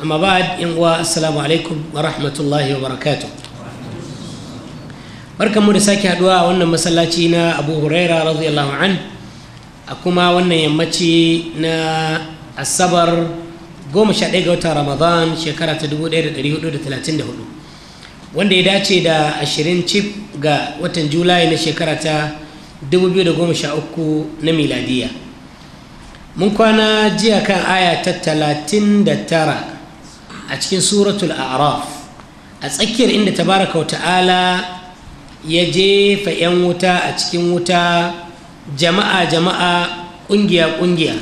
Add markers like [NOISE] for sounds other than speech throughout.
amma ba in wa assalamu alaikum wa rahmatullahi wa barakatu barkan mu da sake haduwa a wannan masallaci na abu huraira radiyallahu an a kuma wannan yammaci na asabar 11 ga watan ramadan shekara ta 1434 wanda ya dace da 20 cif ga watan julai na shekara ta 2013 na miladiya mun kwana jiya kan aya ta 39 a cikin suratul a'raf a tsakiyar inda tabaraka wa ta'ala ya jefa 'yan wuta a cikin wuta jama'a jama'a ƙungiya ƙungiya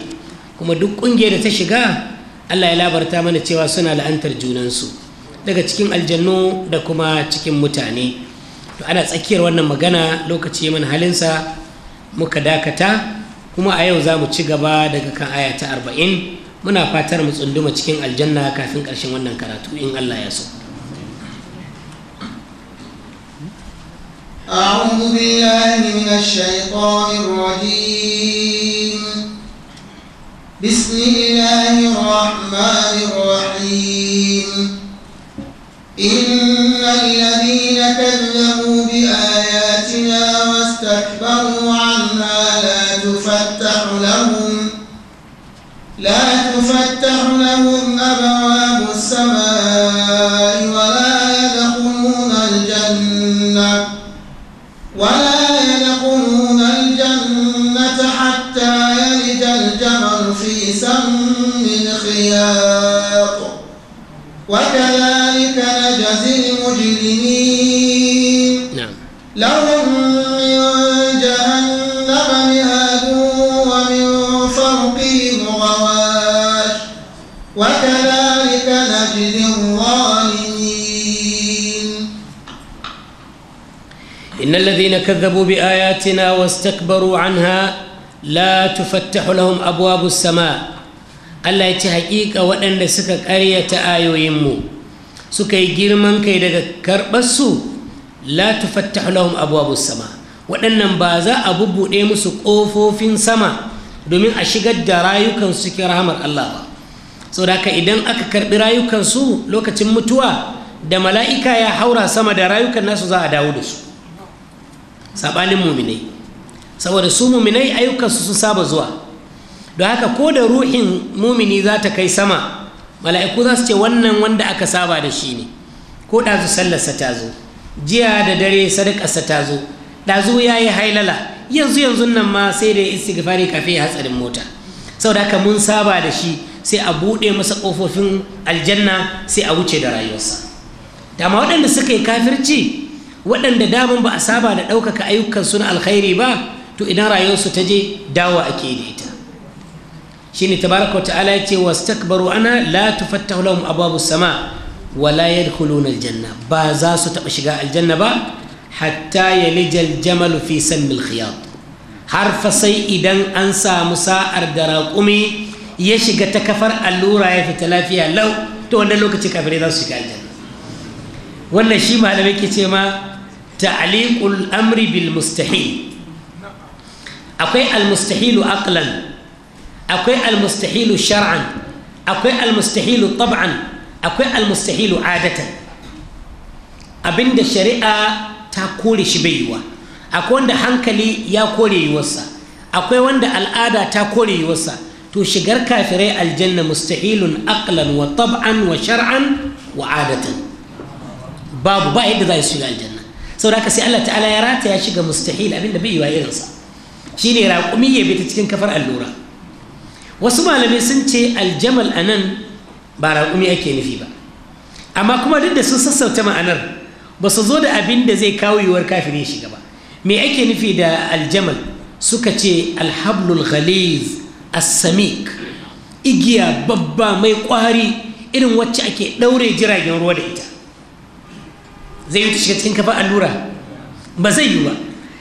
kuma duk ƙungiyar da ta shiga allah ya labarta mana cewa suna la'antar junansu daga cikin aljannu da kuma cikin mutane to ana tsakiyar wannan magana lokaci mana halinsa muka dakata kuma a yau za mu ci gaba daga kan aya ta arba'in muna fatar mu tsunduma cikin aljanna kafin ƙarshen wannan karatu in Allah ya so أعوذ بالله من الشيطان الرجيم بسم الله الرحمن الرحيم إن الذين كذبوا بآياتنا واستكبروا عنها لا تفتح لهم لا تفتح لهم أبواب السماء الذين كذبوا بآياتنا واستكبروا عنها لا تفتح لهم أبواب السماء الله يتحقيق وأن سكك أرية آيو يمو سكي جرمان كي كربسو لا تفتح لهم أبواب السماء waɗannan ba za a bubbuɗe musu ƙofofin sama domin a shigar da rayukansu cikin rahamar Allah ba sau haka idan aka karɓi rayukansu lokacin mutuwa da mala'ika ya haura sama da rayukan nasu za a dawo da su saɓanin muminai saboda su muminai ayyukansu sun saba zuwa don haka ko da ruhin mumini za ta kai sama mala'iku za su ce wannan wanda aka saba da shi ne ko ɗazu sallarsa ta zo jiya da dare sadakarsa ta zo ɗazu ya yi hailala yanzu yanzu nan ma sai da istighfari kafin ya hatsarin mota saboda haka mun saba da shi sai a buɗe masa ƙofofin aljanna sai a wuce da rayuwarsa dama waɗanda suka yi kafirci waɗanda daman ba a saba da ɗaukaka ayyukan suna alkhairi ba to idan rayuwarsu ta je dawa ake da ita ta tabaraka ta'ala ya ce wastakbaru ana la tufattahu lahum sama wa la yadkhuluna aljanna ba za su taɓa shiga aljanna ba hatta yalija aljamalu fi sammi alkhiyat har fa sai idan an samu sa'ar da raƙumi ya shiga ta kafar allura ya fita lafiya lau to wannan lokaci kafirai za su shiga aljanna wannan shi malamai ke ce ma ta'liqul amri bil mustahil akwai al mustahilu aqlan akwai al mustahilu shar'an akwai al mustahilu tab'an akwai al mustahilu adatan abinda shari'a ta kore shi bai yiwa akwai wanda hankali ya kore yiwarsa akwai wanda al'ada ta kore yiwarsa to shigar kafirai aljanna mustahilun aqlan wa tab'an wa shar'an wa adatan babu ba yadda za su shiga aljanna saboda haka sai Allah ta'ala ya rataya shiga mustahil abinda bai yi wa irinsa shine raƙumi ya bi ta cikin kafar allura wasu malamai sun ce aljamal a nan ba raƙumi ake nufi ba amma kuma duk da sun sassauta ma'anar ba su zo da abin da zai kawo yiwuwar kafin ya shiga ba me ake nufi da aljamal suka ce alhablul ghaliz as-samik igiya babba mai kwari irin wacce ake daure jiragen ruwa da ita zai yi ta shiga cikin kafa allura ba zai yi ba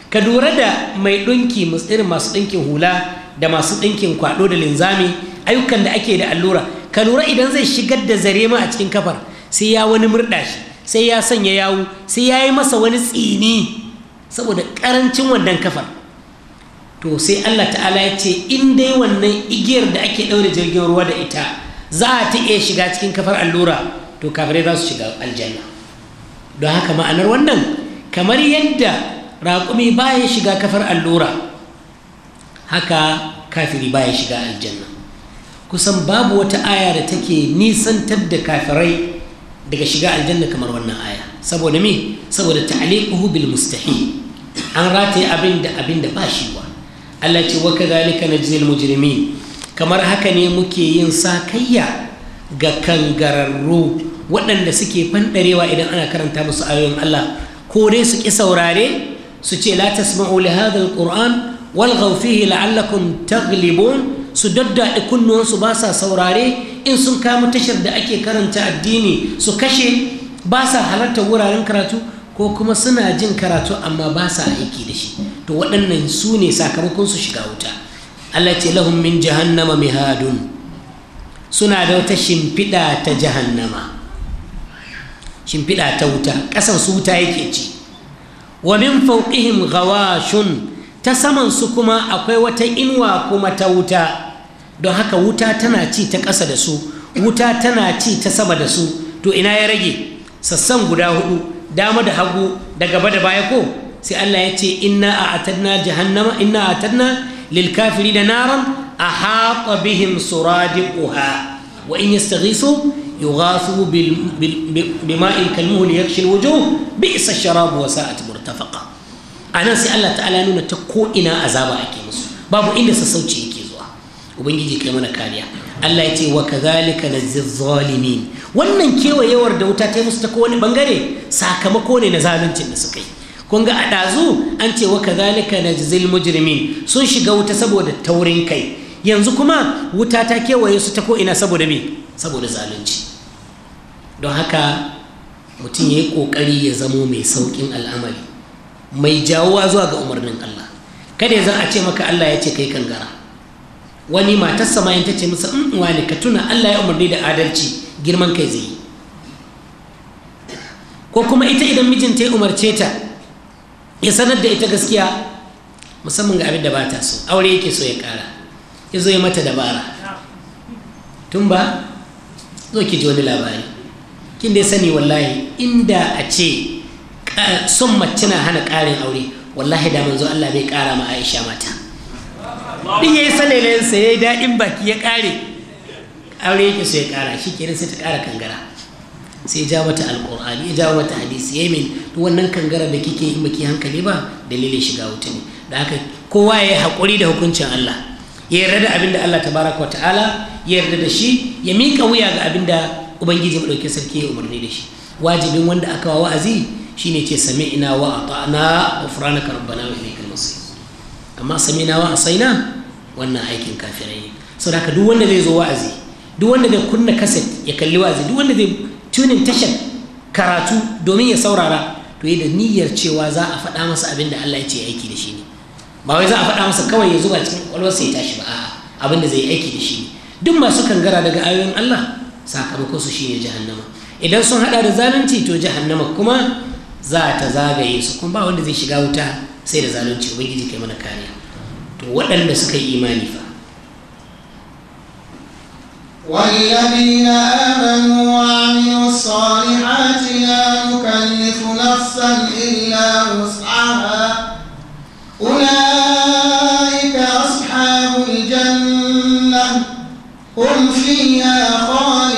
ka lura da mai ɗinki irin masu ɗinkin hula da masu ɗinkin kwaɗo da linzami ayyukan da ake da allura ka lura idan zai shigar da zare ma a cikin kafar sai ya wani murɗa shi sai ya sanya yawu sai ya yi masa wani tsini saboda ƙarancin wannan kafar to sai allah ta'ala ya ce in dai wannan igiyar da ake ɗaure jirgin ruwa da ita za a ta iya shiga cikin kafar allura to kafirai za su shiga aljanna don haka ma'anar wannan kamar yadda raƙumi baya shiga kafar allura haka kafiri baya shiga aljanna kusan babu wata aya da take nisantar da kafirai daga shiga aljanna kamar wannan aya saboda me saboda ta'liquhu bil mustahil an rataye abin da abin da ba shi wa Allah ce wa kadhalika najzil mujrimin kamar haka ne muke yin sakayya ga kangararru waɗanda suke fanɗarewa idan ana karanta musu ayoyin Allah ko dai su ƙi saurare su ce la tasma'u li hadha alquran walghaw fihi la'allakum taghlibun su daddaɗe kunnuwansu ba sa saurare in sun kama tashar da ake karanta addini su kashe ba sa halarta wuraren karatu ko kuma suna jin karatu amma ba sa aiki da shi to waɗannan su ne sakamakon su shiga wuta Allah ce lahum min jahannama mihadun suna da wata shimfiɗa ta jahannama shimfiɗa ta wuta ƙasan su wuta yake ci wa min fawqihim ghawashun ta saman su kuma akwai wata inuwa kuma ta wuta don haka wuta tana ci ta ƙasa da su wuta tana ci ta sama da su to ina ya rage sassan guda hudu dama da hagu da gaba da baya ko sai Allah ya ce inna a atadna jahannama inna a atadna lil kafirina naran ahata bihim suradiquha wa in yastaghisu يغاثوا بماء كالمهل يكشي الوجوه بئس الشراب وساءت مرتفقة أنا سي الله تعالى نونا تكو إنا أزابا أكي مسو بابو إلا سسوتي يكي زوا وبنجي كي منا كاريا الله يتي وكذلك نزي الظالمين wannan kewayewar da wuta ta musu bangare sakamako ne na zaluncin da suka yi kun ga a ɗazu an ce wa kazalika na jizil mujrimin sun shiga wuta saboda taurin kai yanzu kuma wuta ta kewaye su ta ko'ina saboda me saboda zalunci don haka mutum ya yi ƙoƙari ya zamo mai saukin al'amari mai jawowa zuwa ga umarnin Allah kada ya zan a ce maka Allah ya ce kai kangara wani matar samayin ta ce masa in mm, wani ka tuna Allah ya umarni da adalci girman kai zai yi ko kuma ita idan mijinta ya umarce ta ya sanar da ita gaskiya musamman ga abin da ba ta so aure yake so ya kara ya zo ya mata dabara tun ba zo ki ji wani labari kin dai sani wallahi inda a ce son mace na hana ƙarin aure wallahi da manzo Allah bai ƙara ma Aisha mata din yayi salelen sa yayi daɗin baki ya ƙare aure yake so ya ƙara shi kenan sai ta ƙara kangara sai ja mata alqur'ani ya ja mata hadisi yayi min to wannan kangara da kike in baki hankali ba dalilin shiga wuta ne da haka kowa ya hakuri da hukuncin Allah ya yarda da abin da Allah tabaraka wa ta'ala ya yarda da shi ya mika wuya ga abinda ubangiji madaukin sarki ya umarni da shi wajibin wanda aka wa wa'azi shine ce sami'na wa ata'na ghufranaka rabbana wa ilaykal masir amma sami'na wa asaina wannan aikin kafirai ne saboda haka duk wanda zai zo wa'azi duk wanda zai kunna kaset ya kalli wa'azi duk wanda zai tunin tashar karatu domin ya saurara to da niyyar cewa za a faɗa masa abin da Allah ya ce aiki da shi ne ba wai za a faɗa masa kawai ya zuba cikin kwalwarsa ya tashi ba a'a abin da zai aiki da shi ne duk masu kangara daga ayoyin Allah sakamakon su shine jahannama idan sun hada da zalunci to jahannama kuma za ta zagaye su kuma ba wanda zai shiga wuta sai da zalunci ubangiji kai mana kariya to waɗanda suka yi imani fa والذين آمنوا وعملوا الصالحات لا نكلف نفسا إلا وسعها أولئك أصحاب الجنة هم فيها خالدون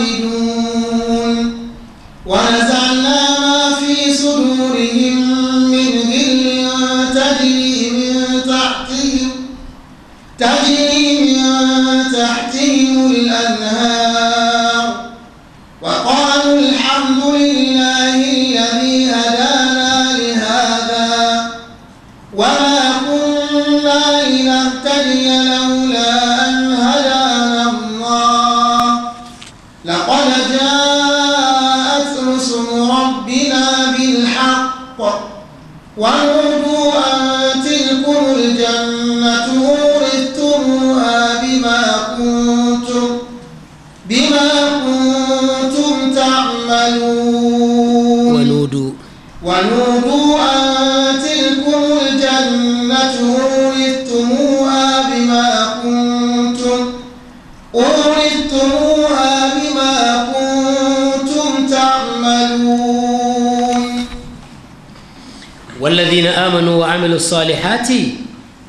الصالحات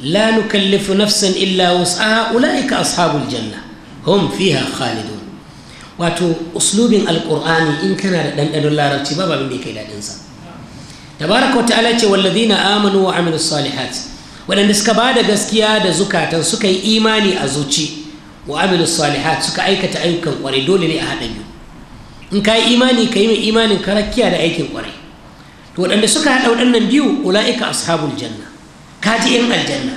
لا نكلف نفسا إلا وسعها أولئك أصحاب الجنة هم فيها خالدون uslubin alkur'ani in kana da ɗanɗanon larabci ba babin daɗinsa tabaraka wa ta'ala ce walladina amanu wa waɗanda suka ba da gaskiya da zukatan suka yi imani a zuci wa salihat suka aikata ayyukan kwarai dole ne a in ka imani mai imanin da aikin kwarai to waɗanda suka haɗa waɗannan biyu ula'ika ashabul janna kaji ji yan aljanna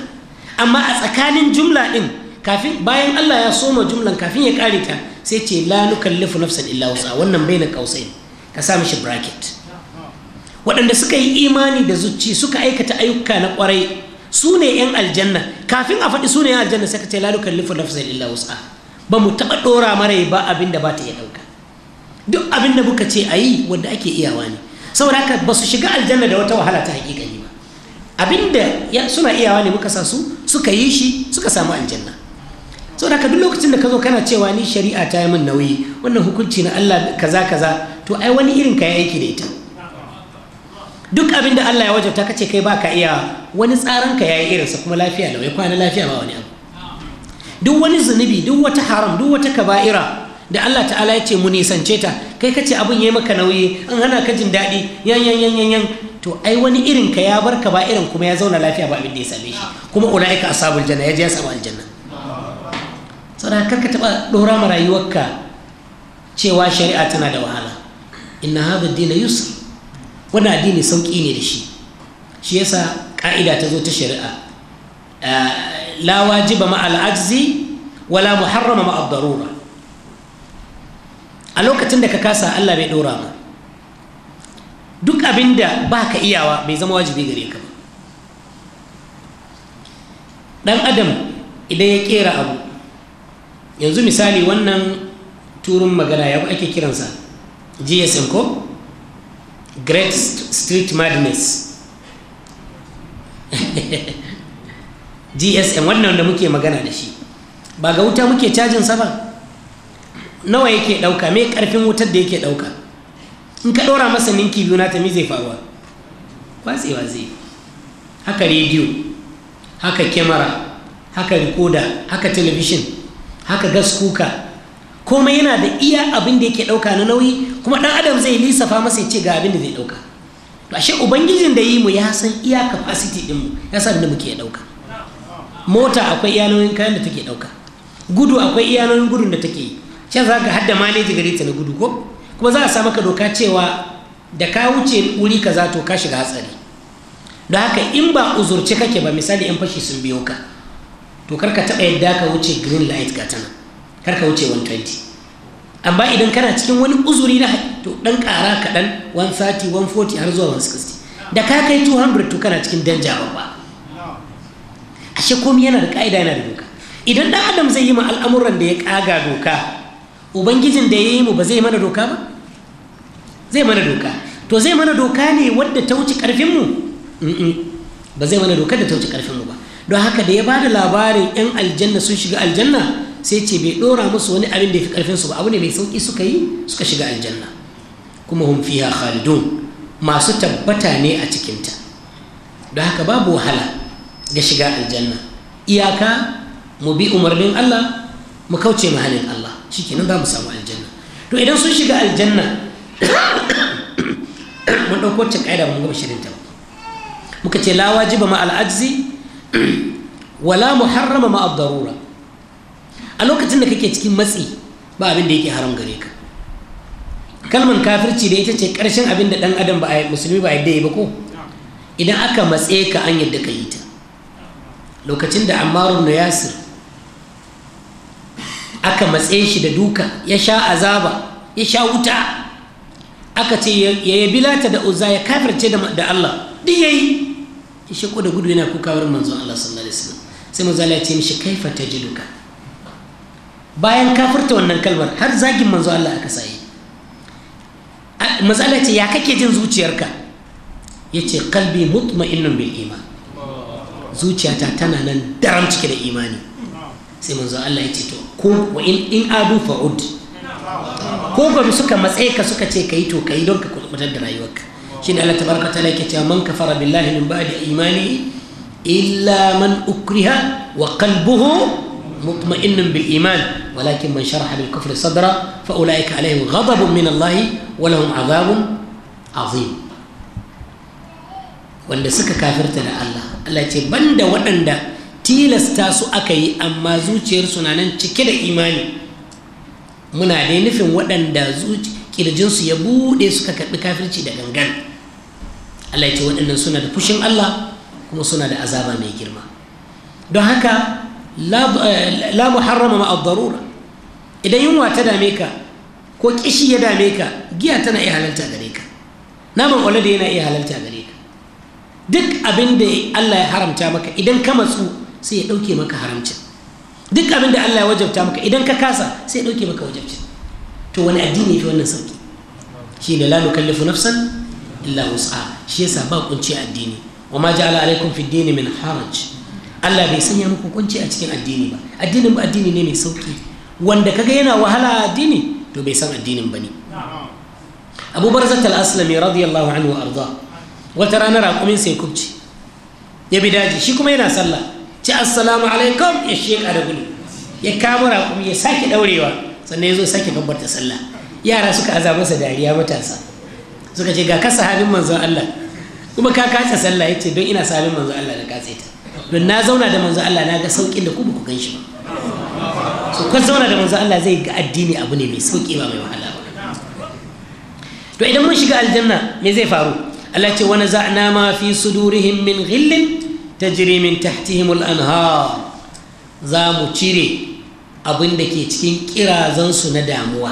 amma a tsakanin jumla din kafin bayan Allah ya soma jumlan kafin ya karita ta sai ce la nukallifu nafsan illa wasa wannan bai na kausai ka sa mishi bracket waɗanda suka yi imani da zuci suka aikata ayyuka na kwarai su ne yan aljanna kafin a faɗi su ne yan aljanna sai ka ce la nukallifu nafsan illa wasa ba mu taɓa ɗora mara ba abin da ba ta iya ɗauka duk abin da muka ce a yi wanda ake iyawa ne saboda haka ba su shiga aljanna da wata wahala ta haƙiƙa ne abinda suna iyawa ne muka sa su suka yi shi suka samu aljanna Sau da duk lokacin da ka zo kana cewa ni shari'a ta yi min nauyi wannan hukunci na Allah kaza kaza to ai wani irin ka aiki da ita duk abin da Allah ya wajabta kace kai ka iya wani tsaran ka yayi irinsa kuma lafiya da wai kwana lafiya ba wani abu duk wani zunubi duk wata haram duk wata kaba'ira da Allah ta'ala ya ce mu nisance ta kai ka ce abin ya yi maka nauyi an hana ka jin daɗi yan yan yan yan yan to ai wani irin ka ya barka ba irin kuma ya zauna lafiya ba abin da ya same shi kuma ulaika ashabul janna ya je ya samu aljanna saboda kar ka taba dora ma rayuwarka cewa shari'a tana da wahala inna hadha ad-din yusr addini sauki ne da shi shi yasa ka'ida ta zo ta shari'a eh, la wajiba ma al-ajzi wala muharrama ma ad-darura a lokacin da ka kasa Allah bai ɗora ba duk abinda baka iyawa bai zama wajibi gare ka ba ɗan adam idan ya kera abu yanzu misali wannan turun magana ya ake kiransa gsm ko great street madness gsm [LAUGHS] wannan da muke magana da shi ba ga wuta muke cajin sa ba nawa yake ɗauka mai karfin wutar da yake ɗauka in ka ɗora masa ninki biyu na ta mi zai faruwa watsewa zai haka rediyo haka kyamara haka rikoda haka telebishin haka gas kuka komai yana da iya abin da yake ɗauka na nauyi kuma ɗan adam zai lissafa masa ya ce ga abin da zai ɗauka to ashe ubangijin da yi mu ya san iya capacity din mu ya san da muke ɗauka mota akwai iya nauyin kayan da take ɗauka gudu akwai iya nauyin gudun da take yi can za ka hadda maleji gare ta na gudu ko kuma za a sa maka doka cewa da ka wuce wuri za to ka shiga hatsari don haka in ba uzurce kake ba misali yan fashi sun biyo ka to karka taɓa yadda ka wuce green light ga tana karka wuce 120 amma idan kana cikin wani uzuri na to dan ƙara kaɗan 130 140 har zuwa 160 da ka kai 200 to kana cikin danja babba ashe komai yana da ka'ida yana da doka idan ɗan adam zai yi ma al'amuran da ya ƙaga doka ubangijin da ya yi mu ba zai mana doka ba zai mana doka to zai mana doka ne wadda ta wuce karfinmu ba zai mana doka da ta wuce karfinmu ba don haka da ya ba da labarin 'yan aljanna sun shiga aljanna sai ce bai ɗora musu wani abin da ya fi karfinsu ba abu ne mai sauƙi suka yi suka shiga aljanna kuma hun fiya khalidun masu tabbata ne a cikinta don haka babu wahala ga shiga aljanna iyaka mu bi umarnin Allah mu kauce mahanin Allah shikenan za mu samu aljanna to idan sun shiga aljanna [COUGHS] mun ɗauko wacce ƙa'ida mun gama shirin ta muka ce la wajiba ma al'ajzi [COUGHS] wala muharrama ma ad-darura a lokacin da kake cikin matsi ba abin da yake haram gare ka kalmar kafirci da ita ce ƙarshen abin da ɗan adam ba a musulmi ba yadda ya ba ko idan aka matse ka an yadda ka yi ta lokacin da ammarun na yasir aka matse shi da duka ya sha azaba ya sha wuta aka ce ya yabi lata da uza ya kafirce da Allah duk yayi ya ko da gudu yana kuka wurin manzon Allah sallallahu alaihi wasallam sai manzon Allah ya ce mishi kaifa tajiduka bayan kafirta wannan kalmar har zagin manzon Allah aka sai manzon Allah ce ya kake jin zuciyarka yace kalbi mutma'innun bil iman zuciyata tana nan daram cike da imani sai manzo Allah ya ce to ko wa in in adu fa'ud ko gobe suka matsaye ka suka ce kai to kai don ka kubutar da rayuwarka shine Allah tabaraka taala yake cewa man kafara billahi min ba'di imani illa man ukriha wa qalbuhu مطمئن بالإيمان ولكن من شرح بالكفر صدرا فأولئك عليهم غضب من الله ولهم عذاب عظيم وأن suka kafirta الله الله Allah ce banda tilasta su aka yi amma zuciyarsu na nan cike da imani muna dai nufin waɗanda kirjinsu ya buɗe suka karɓi kafirci da gangan Allah ya ce waɗannan suna da fushin Allah kuma suna da azaba mai girma don haka la muharrama ma'a darura idan yunwa ta dame ka ko kishi ya dame ka giya tana iya halarta gare ka naman olade yana iya halarta gare ka duk abin da Allah ya haramta maka idan ka matsu sai ya ɗauke maka haramcin duk abin da Allah ya wajabta maka idan ka kasa sai ya ɗauke maka wajabcin to wani addini fi wannan sauki shi ne lalu nukallifu nafsan illa wus'a shi yasa ba kunci addini wa ma ja'ala alaikum fi dini min haraj Allah bai sanya muku kunci a cikin addini ba addinin ba addini ne mai sauki wanda kaga yana wahala addini to bai san addinin bane Abu Barzat al-Aslami radiyallahu anhu wa arda wata ranar raƙumin sai kubci ya bi daji shi kuma yana sallah ci assalamu alaikum ya sheka da gudu ya kama raƙumi ya sake ɗaurewa sannan ya zo sake babbarta sallah yara suka aza masa dariya matasa suka ce ga ka sahabin manzon Allah kuma ka kace sallah yace don ina sahabin manzon Allah da kace ta don na zauna da manzon Allah na ga saukin da ku ku gan shi ba so ka zauna da manzon Allah zai ga addini abu ne mai sauki ba mai wahala ba to idan mun shiga aljanna me zai faru Allah ce wani za'na ma fi sudurihim min ghillin tajri min tahtihimul anha za mu cire abin da ke cikin kirazansu na damuwa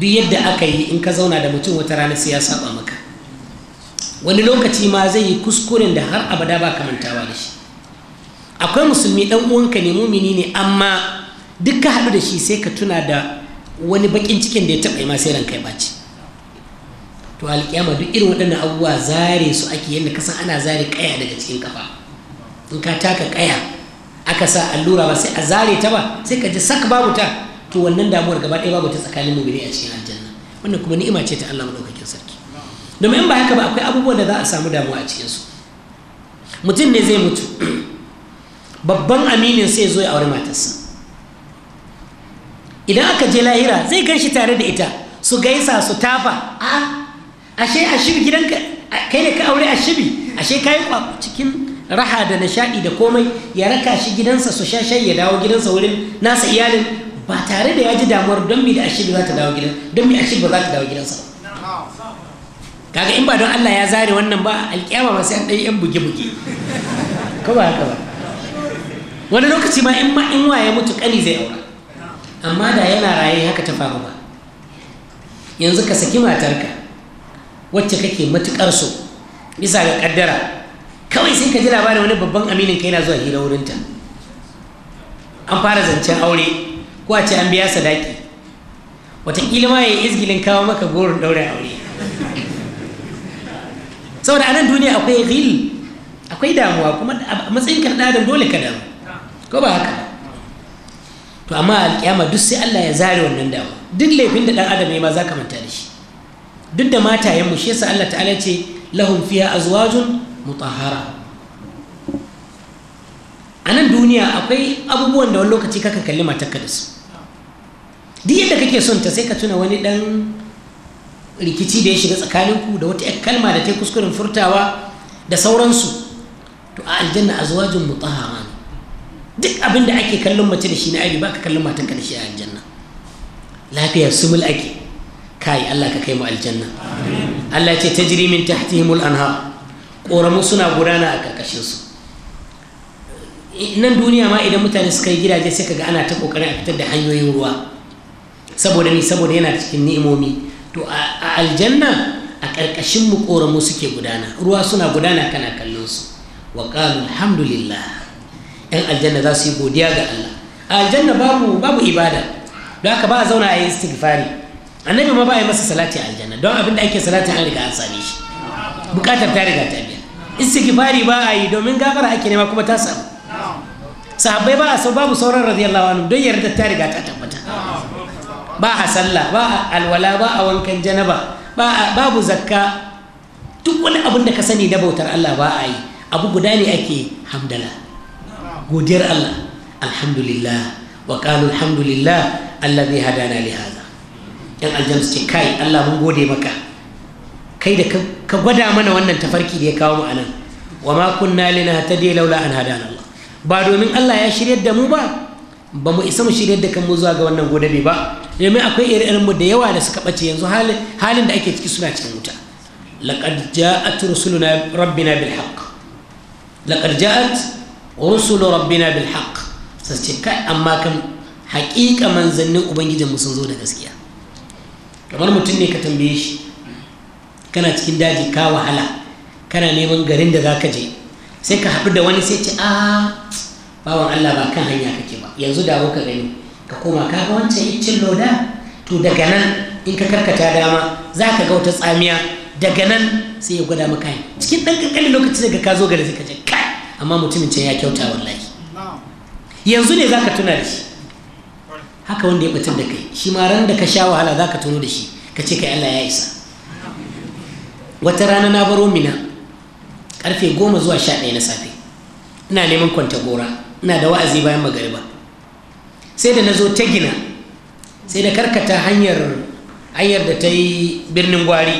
duk yadda aka yi in ka zauna da mutum wata rana sai ya saba maka wani lokaci ma zai yi kuskuren da har abada ba ka mantawa da shi akwai musulmi dan uwanka ne mumini ne amma duk ka haɗu da shi sai ka tuna da wani bakin cikin da ya taɓa yi ma sai ranka ya ɓaci to alƙiyama duk irin waɗannan abubuwa zare su ake yadda kasan ana zare ƙaya daga cikin kafa in ka taka ƙaya aka sa allura ba sai a zare ta ba sai ka ji sak babu ta to wannan damuwar gaba ɗaya babu ta tsakanin mu a cikin aljanna wannan kuma ni'ima ce ta Allah madaukakin sarki domin in ba haka ba akwai abubuwan da za a samu damuwa a cikin su mutum ne zai mutu babban aminin sai zo ya aure matarsa idan aka je lahira zai gan shi tare da ita su gaisa su tafa a'a ashe a shiri gidanka kai ne ka aure a shiri ashe ka yi cikin raha da nishaɗi da komai ya raka shi gidansa su sha ya dawo gidansa wurin nasa iyalin ba tare da ya ji damuwar don mi da shiri za ta dawo gidan don a shiri ba za ta dawo gidansa kaga in ba don Allah ya zare wannan ba alƙiyama masu yan ɗaya yan buge-buge ko ba haka ba wani lokaci ma in ma in waye mutu ƙani zai aura amma da yana raye haka ta faru ba yanzu ka saki matarka wacce kake matukar so bisa ga kaddara kawai sai ka ji labarin wani babban aminin ka yana zuwa hira wurinta an fara zancen aure ko a ce an biya sadaki wataƙila ma ya yi izgilin kawo maka goro ɗaurin aure saboda anan duniya akwai ghil akwai damuwa kuma a matsayin ka da dole ka damu ko ba haka to amma alƙiyama duk sai Allah ya zare wannan damuwa duk laifin da ɗan adam ne ma za ka manta da shi duk da matayenmu shi yasa Allah ta'ala ce lahum fiha azwajun mutahhara a nan duniya akwai abubuwan da wani lokaci kaka kalli matarka da su duk yadda kake son ta sai ka tuna wani dan rikici da ya shiga tsakaninku da wata kalma da ta kuskuren furtawa da sauransu to a aljanna azwajun mutahhara duk abin da ake kallon mace da shi na aibi ka kallon matanka da shi a aljanna lafiyar sumul ake kai Allah ka kai mu aljanna Allah ce tajri min tahtihimul anha koramu suna gudana a karkashin su nan duniya ma idan mutane suka yi gidaje sai kaga ana ta kokarin a fitar da hanyoyin ruwa saboda ni saboda yana cikin ni'imomi to a aljanna a karkashin mu koramu suke gudana ruwa suna gudana kana kallon su wa qalu alhamdulillah yan aljanna za su yi godiya ga Allah a aljanna babu babu ibada don haka ba a zauna a yi istighfari annabi ma ba a yi masa salati aljanna don abin da ake salati an riga an same shi bukatar ta riga ta biya istighfari ba a yi domin gafara ake nema kuma ta samu sahabbai ba a so babu sauran radiyallahu anhu don yarda ta riga ta tabbata ba a sallah ba a alwala ba a wankan janaba ba babu zakka duk wani abin da ka sani da bautar Allah ba a yi abu guda ne ake hamdala godiyar Allah alhamdulillah wa qalu alhamdulillah alladhi hadana li hadha yan aljanna su ce kai Allah mun gode maka kai da ka gwada mana wannan tafarki da ya kawo mu anan wa ma kunna linahtadi laula an hadana Allah ba domin Allah ya shiryar da mu ba ba mu isa mu shiryar da kanmu zuwa ga wannan godabe ba domin akwai irin mu da yawa da suka bace yanzu halin da ake ciki suna cikin wuta laqad ja'at rusuluna rabbina bil haqq laqad ja'at rusulu rabbina bil haqq sai ce kai amma kan haƙiƙa manzannin ubangijinmu sun zo da gaskiya kamar mutum ne ka tambaye shi kana cikin daji ka wahala kana neman garin da za ka je sai ka haɗu da wani sai ce a ah, bawan Allah ba kan hanya kake ba yanzu dawo ka gani ka koma ka ga wancan iccin loda to daga nan in ka karkata dama za ka ga wata tsamiya daga nan sai ya gwada maka yi cikin ɗan ƙanƙanin lokaci daga ka zo gari zai ka je kai amma mutumin can ya kyauta wallahi yanzu ne za ka tuna da shi haka wanda ya batar da kai shi ma ran da ka sha wahala za ka tono da shi ka ce kai Allah ya isa wata rana na baro mina karfe goma zuwa sha ɗaya na safe ina neman kwanta gora ina da wa'azi bayan magariba sai da na zo ta gina sai da karkata hanyar da ta yi birnin gwari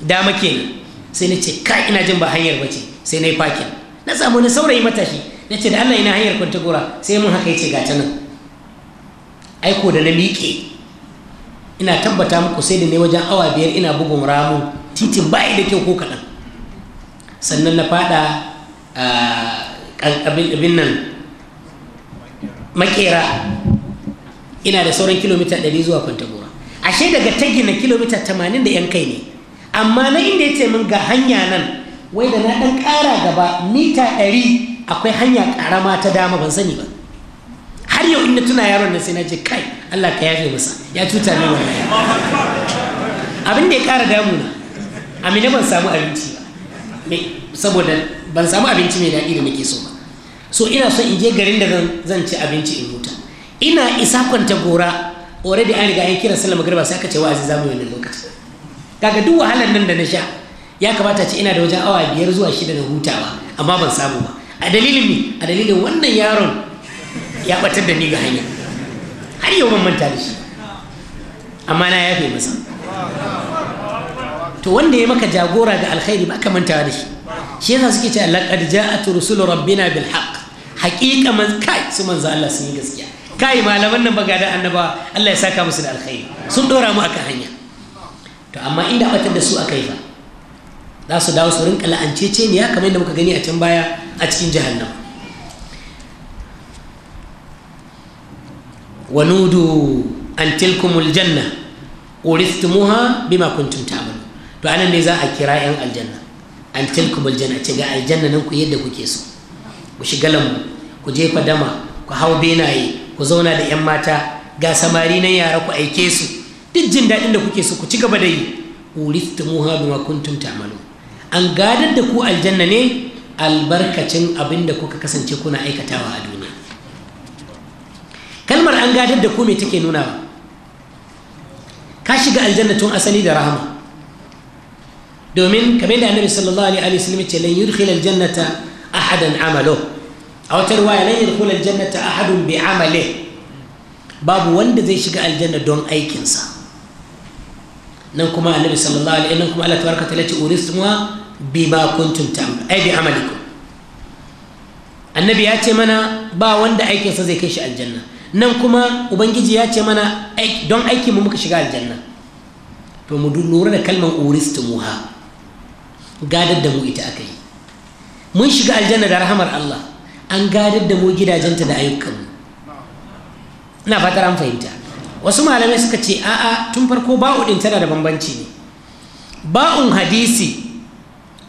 dama kenan sai na ce ka ina jin ba hanyar ba ce sai na yi fakin na samu na saurayi matashi na ce da allah ina hanyar kwanta gora sai mun haka ya ce gata nan aiko da na miƙe ina tabbata muku sai da ne wajen awa biyar ina bugun ramu titin bayi da kyau ko kaɗan sannan na faɗa abin nan makera ina da sauran kilomita 100 zuwa kwantagora ashe daga tagi na kilomita 80 da 'yan kai ne amma na inda ya ce min ga hanya nan wai da na ɗan ƙara gaba mita 100 akwai hanya ƙarama ta dama ban sani ba har yau in tuna yaron nan sai na ce kai Allah ka yafe masa ya cuta ni wallahi abin da ya kara damu na amina ban samu abinci ba saboda ban samu abinci mai daɗi da nake so ba so ina son in je garin da zan ci abinci in huta ina isa kwanta gora already an riga an kira sallar magriba sai aka ce wa'azi zamu yi wannan lokaci kaga duk wahalar nan da na sha ya kamata ce ina da wajen awa biyar zuwa shida na hutawa amma ban samu ba a dalilin mi a dalilin wannan yaron ya batar da ni ga hanya har yau ban manta da shi amma na yafe masa to wanda ya maka jagora ga alkhairi ba ka manta da shi shi yasa suke cewa laqad ja'at rusulu rabbina bil haqq haqiqa man kai su manzo Allah sun yi gaskiya kai malaman nan baga da annaba Allah ya saka musu da alkhairi sun dora mu akan hanya to amma inda batar da su akai fa za su dawo su rinka la'ancece ne ya kamar yadda muka gani a can baya a cikin jahannama wa nudu an tilkumul janna uristumuha bima kuntum ta'malu to anan ne za a kira yan aljanna an tilkumul janna ce ga aljanna nan ku yadda kuke so ku shiga lambu ku jefa dama ku hau benaye ku zauna da yan mata ga samari nan yara ku aike su duk jin daɗin da kuke so ku ci gaba da yi uristumuha bima kuntum ta'malu an gadar da ku aljanna ne albarkacin abin da kuka kasance kuna aikatawa a duniya kalmar an gadar da ku me nuna ba ka shiga aljanna tun asali da rahama domin kamar da annabi sallallahu alaihi wasallam ce lan yudkhil aljannata ahadan amalo a wata riwaya lan yudkhil aljannata ahadun bi amale babu wanda zai shiga aljanna don aikinsa nan kuma annabi sallallahu alaihi nan kuma Allah tabaraka ta lace urisma bima kuntum ta'mal ai bi amalikum annabi ya ce mana ba wanda aikinsa zai kai shi aljanna nan kuma ubangiji ya ce mana don aiki mu muka shiga aljanna to mu lura da kalmar uristumuha gadar da mu ita aka yi mun shiga aljanna da rahamar Allah an gadar da mu gidajenta da ayyukanmu ina fatar an fahimta wasu malamai suka ce a'a tun farko ba'u din tana da bambanci ne ba'un hadisi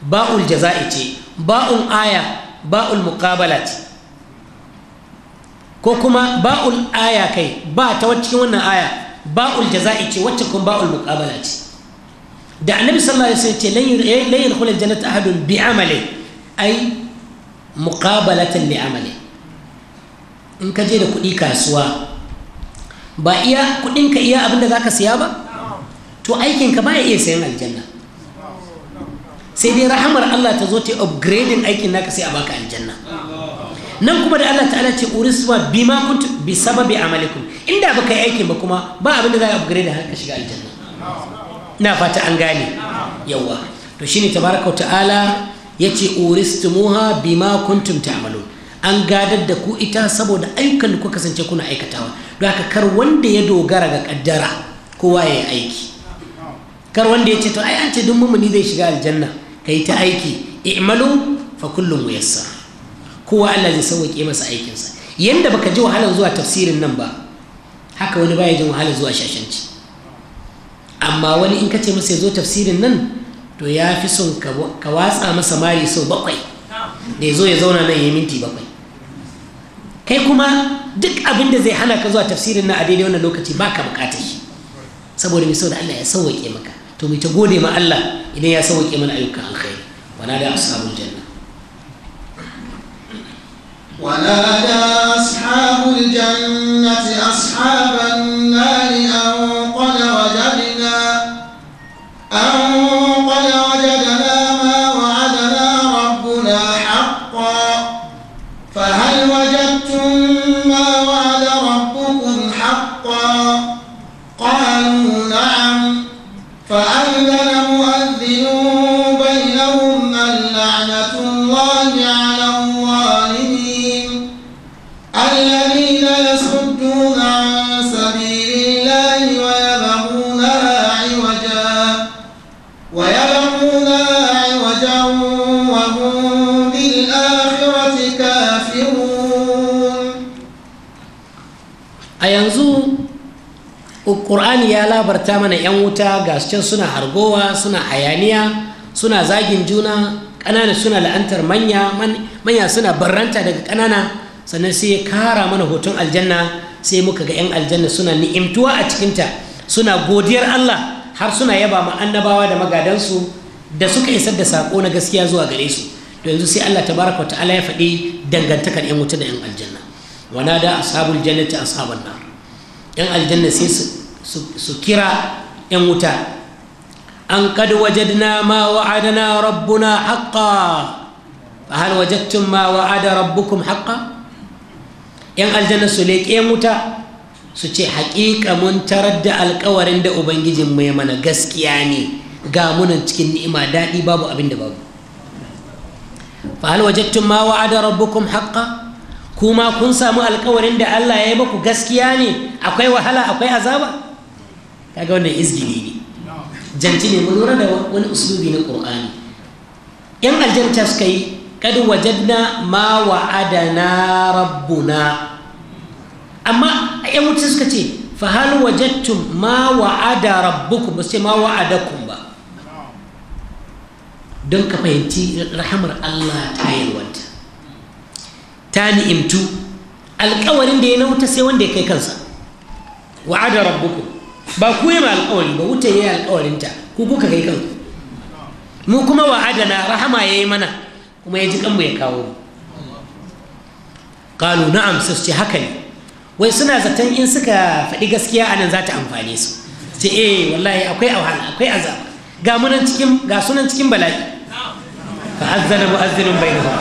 ba'ul jaza'i ce ba'un aya ba'ul muqabala ce ko kuma ba'ul aya kai ba ta cikin wannan aya ba'ul jaza'i ce wacce kuma ba'ul muqabala ce da annabi sallallahu alaihi wasallam ce eh, lan yadkhul aljannata ahadun bi amali ay muqabalatan li amali in ka je da kuɗi kasuwa ba iya ka iya abinda zaka siya ba to aikinka ba ya iya sayan aljanna sai dai rahamar Allah ta zo ta upgrading aikin naka sai a baka aljanna nan kuma da Allah ta'ala ce uriswa bima kuntu bi sababi amalikum inda baka yi aikin ba kuma ba abin da za a upgrade da ka shiga aljanna ina fata an gane yawa to shine tabaraka wa ta'ala yace uristumuha bima kuntum ta'malun an gadar da ku ita saboda ayyukan da ku kasance kuna aikatawa don haka kar wanda ya dogara ga kaddara kowa ya yi aiki kar wanda ya ce to ai an ce duk mumuni zai shiga aljanna kai ta aiki i'malu fa kullum muyassar kowa Allah zai sauwaƙe masa aikinsa yanda baka ji wahalar zuwa tafsirin nan ba haka wani baya jin wahalar zuwa shashanci amma wani in ka ce masa ya zo tafsirin nan to ya fi son ka watsa masa mari sau bakwai da ya zo ya zauna nan ya minti bakwai kai kuma duk abin da zai hana ka zuwa tafsirin nan a daidai wannan lokaci ba ka bukata shi saboda mai da Allah ya sauwaƙe maka to mai ta gode ma Allah idan ya sauwaƙe mana ayyukan alkhairi wana da ashabul janna ونادى أصحاب ƙur'ani ya labarta mana 'yan wuta ga can suna argowa suna hayaniya suna zagin juna ƙanana suna la'antar manya manya suna barranta daga ƙanana sannan sai ya kara mana hoton aljanna sai muka ga 'yan aljanna suna ni'imtuwa a cikinta suna godiyar allah har suna yaba ma annabawa da magadansu da suka isar da saƙo na gaskiya zuwa gare su to yanzu sai allah tabaraka wa ta'ala ya faɗi dangantakar 'yan wuta da 'yan aljanna wana da ashabul jannati ashaban nar 'yan aljanna sai su su kira 'yan wuta an kad wajadna ma wa'adana rabbuna haqqa ba hal wajattun ma wa'ada rabbukum haƙa 'yan aljanna su leƙe 'yan wuta su ce haƙiƙa mun tarar da alƙawarin da ubangijin mai mana gaskiya ne ga munan cikin ni'ima daɗi babu abin da babu fa hal wajattun ma wa'ada rabbukum haƙa kuma kun samu alkawarin da Allah ya yi muku gaskiya ne akwai wahala akwai azaba kaga wannan izgili ne janci ne mu lura da wani usulubi na qur'ani yan aljanta suka yi kad wajadna ma wa'adana rabbuna amma yan mutum suka ce fa hal wajadtum ma wa'ada rabbukum ba sai ma wa'adakum ba don ka fahimci rahamar Allah ta yalwata ta ni'imtu alkawarin da ya nauta sai wanda ya kai kansa wa'ada rabbukum ba ku yi ma alƙawari ba wuta ya yi alƙawarinta ku kuka kai kanku mu kuma wa adana rahama ya yi mana kuma ya ji kanmu ya kawo kalu na'am su ce haka ne wai suna zaton in suka faɗi gaskiya anan za ta amfane su ce eh wallahi akwai awhala akwai azab ga munan cikin ga sunan cikin bala'i fa azzana mu'azzinun bainahum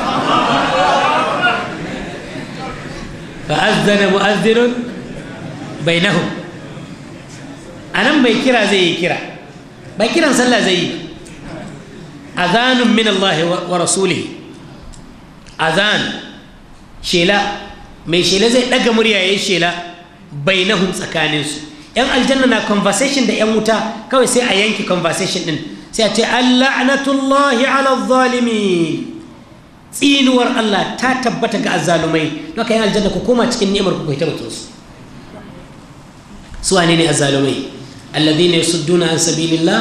fa azzana mu'azzinun bainahum a nan bai kira zai yi kira bai kiran sallah zai yi azanun min Allah wa rasuli azan shela mai shela zai ɗaga murya ya yi shela tsakanin tsakaninsu yan aljanna na conversation da yan wuta kawai sai a yanki conversation din sai a ce alla'natullahi ala zalimi tsinuwar Allah ta tabbata ga azalumai, don ka yan aljanna ku koma cikin ni'imar ku kai ta mutunsu su wane ne azzalumai alladhina yasudduna an sabilillah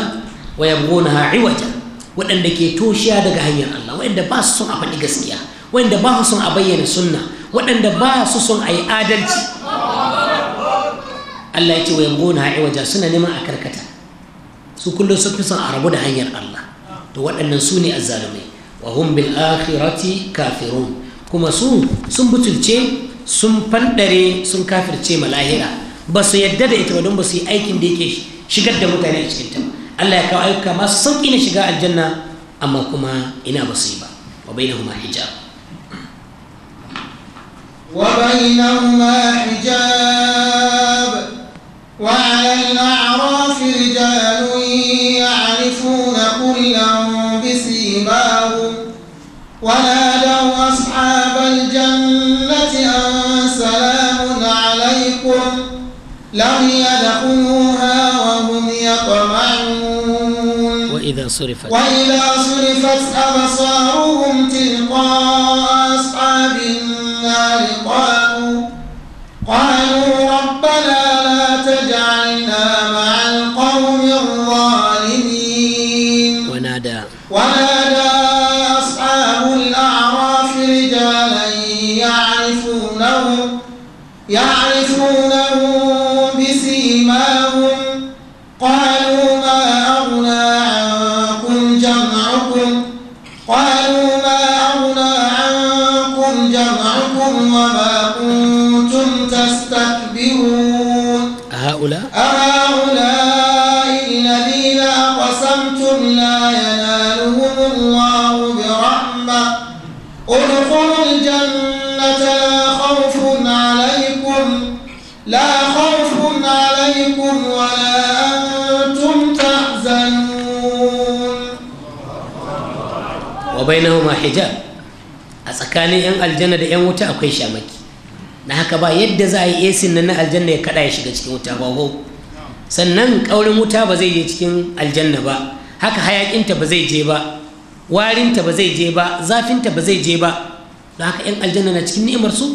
wa yabghunaha iwaja waɗanda ke toshiya daga hanyar Allah waɗanda ba su son a faɗi gaskiya waɗanda ba su son a bayyana sunna waɗanda ba su son a yi adalci Allah ya ce wa yabghunaha iwaja suna neman a karkata su kullum sun fi son a rabu da hanyar Allah to waɗannan su ne azzalumai wa hum bil akhirati kafirun kuma su sun butulce sun fandare sun kafirce malahira ba su yadda da ita ba don ba su yi aikin da yake shigar da mutane a cikin ta Allah ya kawo ayyuka masu sauƙi na shiga aljanna amma kuma ina ba su yi ba wa kuma hijab wa bainahuma hijab wa 'ala al-a'raf rijalun na kullan bi simahum wa nadaw ashab al-jannati an salamun 'alaykum لم يدخلوها وهم يطمعون وإذا صرفت وإذا صرفت أبصارهم تلقاء أصحاب النار قالوا قالوا ربنا لا تجعلنا مع القوم الظالمين ونادى ونادى أصحاب الأعراف رجالا يعرفونهم يعرفونهم وما كنتم تستكبرون أهؤلاء أهؤلاء الذين أقسمتم لا ينالهم الله برحمة ادخلوا الجنة لا خوف عليكم لا خوف عليكم ولا أنتم تحزنون وبينهما حجاب a tsakanin 'yan aljanna da 'yan wuta akwai shamaki na haka ba yadda za a yi esin nan na aljanna ya kada ya shiga cikin wuta gwagwo sannan ƙaurin wuta ba zai je cikin aljanna ba haka hayakinta ba zai je ba warinta ba zai je ba zafinta ba zai je ba don haka 'yan aljanna na cikin ni'imarsu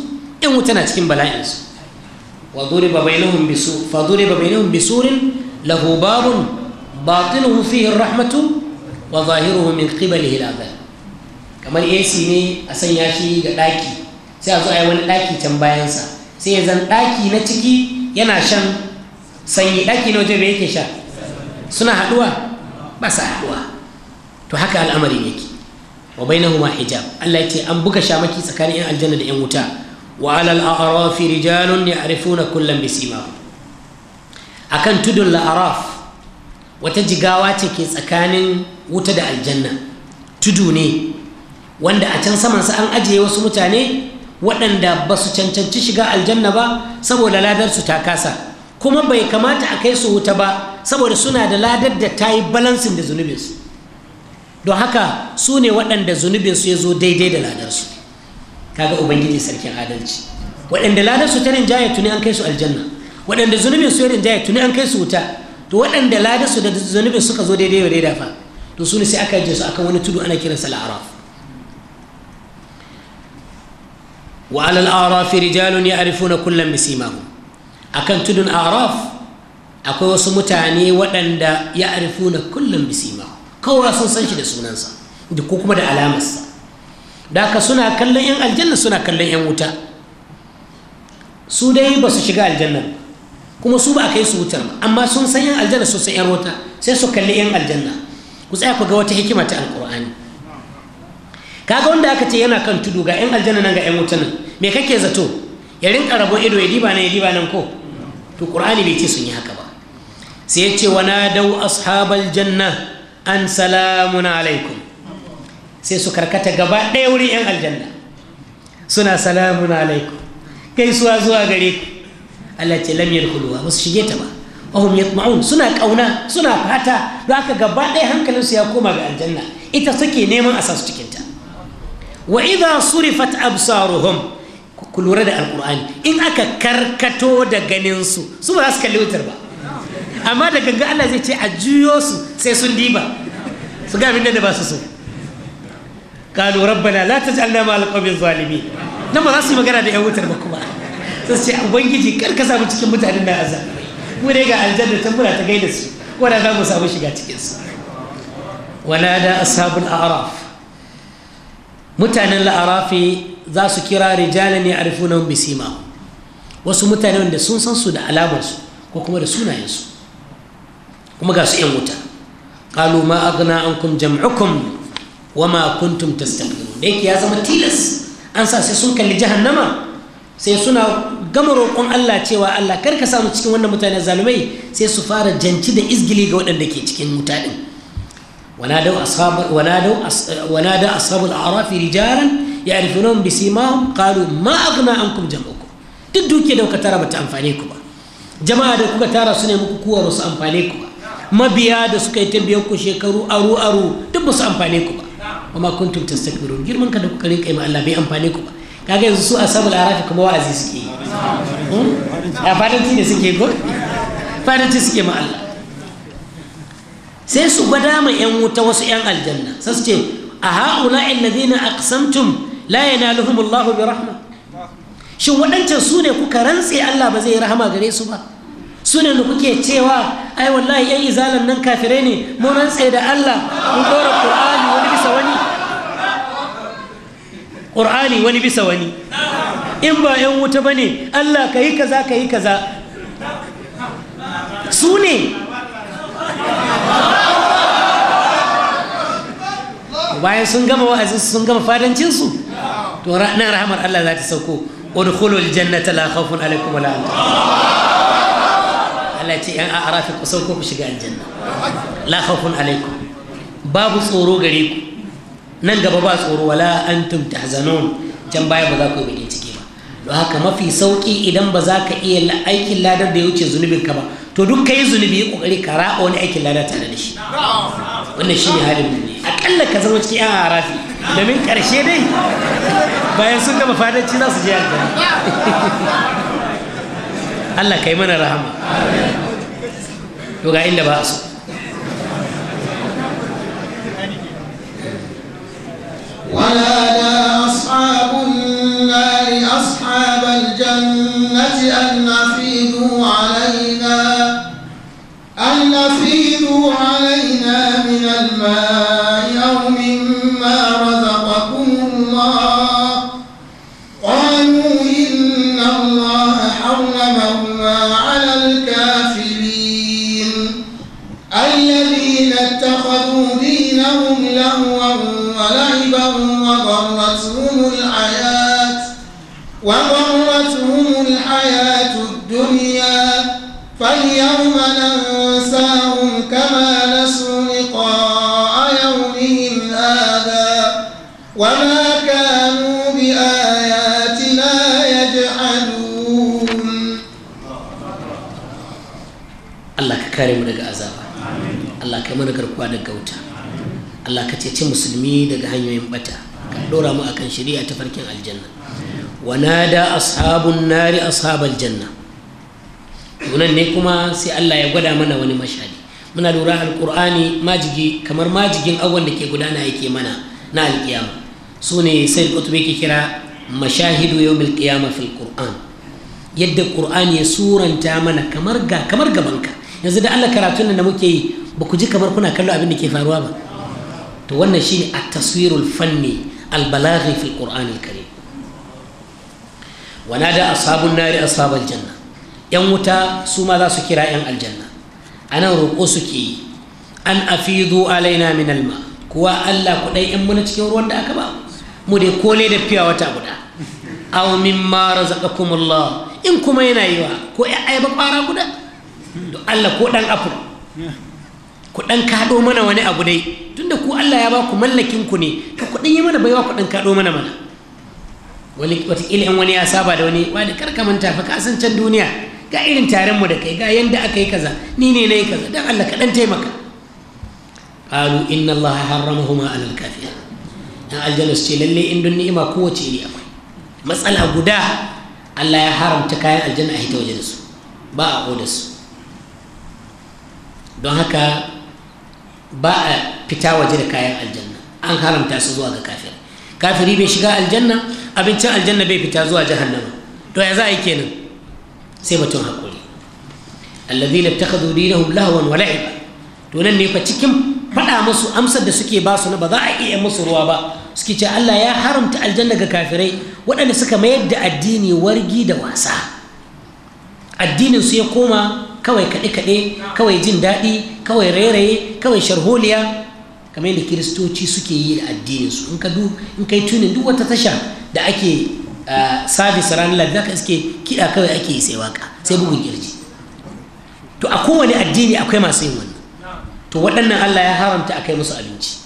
'yan wuta na cikin bala'insu وضرب بينهم بسور فضرب بينهم بسور له باب باطنه فيه الرحمة وظاهره من قبله العذاب kamar ac ne a sanya shi ga ɗaki sai a zo a yi wani ɗaki can bayansa sai ya zan ɗaki na ciki yana shan sanyi ɗaki na waje da yake sha suna haɗuwa ba sa haɗuwa to haka al'amarin yake wa bainahuma hijab Allah ya ce an buga shamaki tsakanin yan aljanna da yan wuta wa alal a'rafi rijalun ya'rifuna kullam a akan tudun la'araf wata jigawa ce ke tsakanin wuta da aljanna tudu ne wanda a can samansa an ajiye wasu mutane waɗanda ba su cancanci shiga aljanna ba saboda ladarsu ta kasa kuma bai kamata a kai su wuta ba saboda suna da ladar da ta yi balansin da zunubinsu don haka su ne waɗanda zunubinsu ya zo daidai da ladarsu kaga ubangiji sarkin adalci waɗanda ladarsu ta rinjaya tuni an kai su aljanna waɗanda zunubinsu ya rinjaya tuni an kai su wuta to waɗanda ladarsu da zunubinsu suka zo daidai wa daidai fa to su ne sai aka yi su akan wani tudu ana kiransa la'araf wa alal arafi rijalun ya'rifuna kullam bisimahum akan tudun araf akwai wasu mutane waɗanda ya na kullum bisimahum kowa sun san shi da sunansa da ko kuma da alamarsa da haka suna kallon yan aljanna suna kallon yan wuta su dai ba su shiga aljanna kuma su ba a kai su wutar ba amma sun san yan aljanna sun san yan wuta sai su kalli yan aljanna ku tsaya ku ga wata hikima ta alqur'ani kaga wanda aka ce yana kan tudu ga yan aljanna nan ga yan wuta nan me kake zato ya rinka rabo ido ya diba nan ya diba nan ko to qur'ani bai ce sun yi haka ba sai ya ce wana dau ashabal janna an salamun alaikum sai su karkata gaba ɗaya wurin yan aljanna suna salamun alaikum gaisuwa zuwa gare ku Allah ce lam yadkhuluha ba su shige ta ba wahum yatma'un suna kauna suna fata don haka gaba ɗaya hankalinsu ya koma ga aljanna ita suke neman a sa su cikinta wa idha surifat absaruhum ku lura da alkur'ani in aka karkato da ganin su su ba za su kalli wutar ba amma da ganga Allah zai ce a juyo su sai sun diba su ga abin da ba su so kalu rabbana la taj'alna ma alqawmin zalimin nan ba za su yi magana da yan wutar ba kuma sai ce ubangiji kar ka samu cikin mutanen nan azabai mu dai ga aljanna ta mura ta gaida su ko da za mu samu shiga cikin su wala da ashabul a'raf mutanen la'arafi za su kira rijala ne arifuna bi sima wasu mutane wanda sun san su da alamarsu ko kuma da sunayensu kuma ga su 'yan wuta qalu ma aghna ankum jam'ukum wa ma kuntum tastakbirun da yake ya zama tilas an sa sai sun kalli jahannama sai suna gama roƙon Allah cewa Allah kar ka samu cikin wannan mutane zalumai sai su fara janci da izgili ga waɗanda ke cikin wuta din ونادوا أصحاب ونادوا arafi أصحاب ya'rifunahum bisimahum qalu ma aghna ankum uku duk duke da kuka tara bata amfane ku ba jama'a da kuka tara su ne muku kuwa su amfane ku ba mabiya da suka yi tambayar ku shekaru aru aru duk musu su amfane ku ba wa ma kuntum tastakbirun girman ka da kuka rinka yi ma Allah bai amfane ku ba kaga yanzu su ashabul arafi kuma wa'azi suke yi a fatanci ne suke ko fatanci suke ma Allah sai su gwada ma yan wuta wasu yan aljanna sai su ce a zina a aqsamtum la yanaluhumullahu bi rahma shin waɗancan su ne kuka rantse Allah ba zai rahama gare su ba su ne da kuke cewa ai wallahi yan izalan nan kafirai ne mu rantse da Allah mu ɗora Qur'ani wani bisa wani Qur'ani wani bisa wani in ba yan wuta bane Allah ka yi kaza ka yi kaza su ne bayan sun gama wa'azinsu sun gama fadancinsu to ranar rahamar Allah za ta sauko udkhulul jannata la khawfun alaikum wala antum Allah ce yan a'rafi ku sauko ku shiga aljanna la khawfun alaikum babu tsoro gare ku nan gaba ba tsoro wala antum tahzanun can baya ba za ku yi bakin ciki ba don haka mafi sauki idan ba za ka iya aikin ladar da ya wuce zunubin ka ba to duk kai zunubi ya kokari ka ra'a wani aikin lada tare da shi wannan shine halin ne akalla ka zama cikin yan arafi domin karshe dai bayan sun gama fadanci za su je aljanna Allah kai mana rahama amin to ga inda ba su wala ونادى أصحاب النار أصحاب الجنة أن أفيدوا علينا أن أفيدوا علينا من الماء اليوم ننساهم كما نسوا لقاء يومهم هذا وما كانوا بآياتنا يجحدون الله كريم لك أزابا Allah kai mana garkuwa daga wuta Allah ka ceci musulmi daga hanyoyin bata ka dora mu akan shari'a ta farkin aljanna wa nada ashabun nari ashabal janna nan ne kuma sai Allah ya gwada mana wani mashadi muna lura alkur'ani majigi kamar majigin abubuwan da ke gudana yake mana na alkiyama su ne sai kutubi ke kira mashahidu yawmil qiyama fil qur'an yadda qur'ani ya suranta mana kamar ga kamar gabanka yanzu da Allah karatun nan da muke yi ba ku ji kamar kuna kallo abin da ke faruwa ba to wannan shine at-taswirul fanni al-balaghi fil qur'anil karim ونادى أصحاب النار أصحاب الجنة yan wuta su ma za su kira yan aljanna a nan roƙo suke yi an afidu alaina min alma kuwa allah ku ɗai yan muna cikin ruwan da aka ba mu dai kole da fiya wata guda aw mimma razaqakumullah in kuma yana yiwa ko ai ba fara guda to Allah ko dan afu ku dan kado mana wani abu dai tunda ku Allah ya ba ku mallakin ku ne to ku dan yi mana baiwa ku dan kado mana mana wani wata ila wani ya saba da wani wani karka manta fa ka san can duniya ga irin taron mu da kai ga yanda aka yi kaza ni ne na yi kaza don Allah ka dan taimaka qalu inna Allah harramahuma alal kafiya. dan aljanna ce lalle in don ni'ima kowace iri akwai matsala guda Allah ya haramta kayan aljanna a hita wajen su ba a oda su don haka ba a fita waje da kayan aljanna an haramta su zuwa ga kafiri kafiri bai shiga aljanna abincin aljanna bai fita zuwa jahannama to ya za a yi kenan sai mutum haƙuri allazina ittakhadhu dinahum lahwan wa la'iba to nan ne fa cikin faɗa musu amsar da suke ba su na ba za a iya musu ruwa ba suke ce Allah ya haramta aljanna ga kafirai waɗanda suka mayar da addini wargi da wasa addinin su ya koma kawai kaɗe-kaɗe kawai jin daɗi kawai rairaye kawai sharholiya kamar yadda kiristoci suke yi da su in ka yi tunin duk wata tasha da ake sabis ranar ladi zaka iske kiɗa kawai ake yi sai waka sai bugun kirji to a kowane addini akwai masu yin wannan to waɗannan Allah ya haramta a kai musu abinci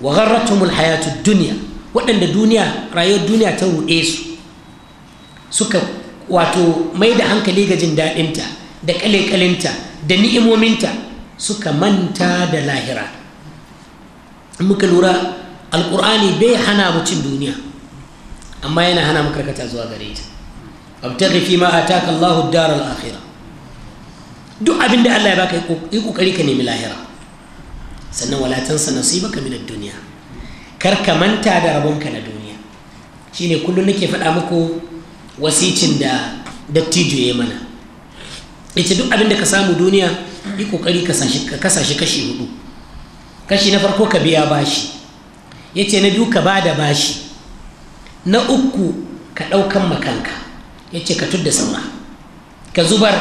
wa gharratumul hayatu duniya waɗanda duniya rayuwar duniya ta ruɗe su suka wato mai da hankali ga jin daɗinta da ƙale da ni'imominta suka manta da lahira muka lura alƙur'ani bai hana mutum duniya amma yana hana mu karkata zuwa gare ta abtaghi fi ma ataka Allahu ad-dar al-akhirah duk abin da Allah ya baka yi kokari ka nemi lahira sannan wala tansa nasibaka min ad-dunya kar ka manta da rabonka na duniya shine kullun nake faɗa muku wasicin da dattijo ya mana ita duk abin da ka samu duniya yi kokari ka kasashe kashi hudu kashi na farko ka biya bashi yace na biyu ka bada bashi na uku ka ɗaukan makanka ya ce ka tudda saura ka zubar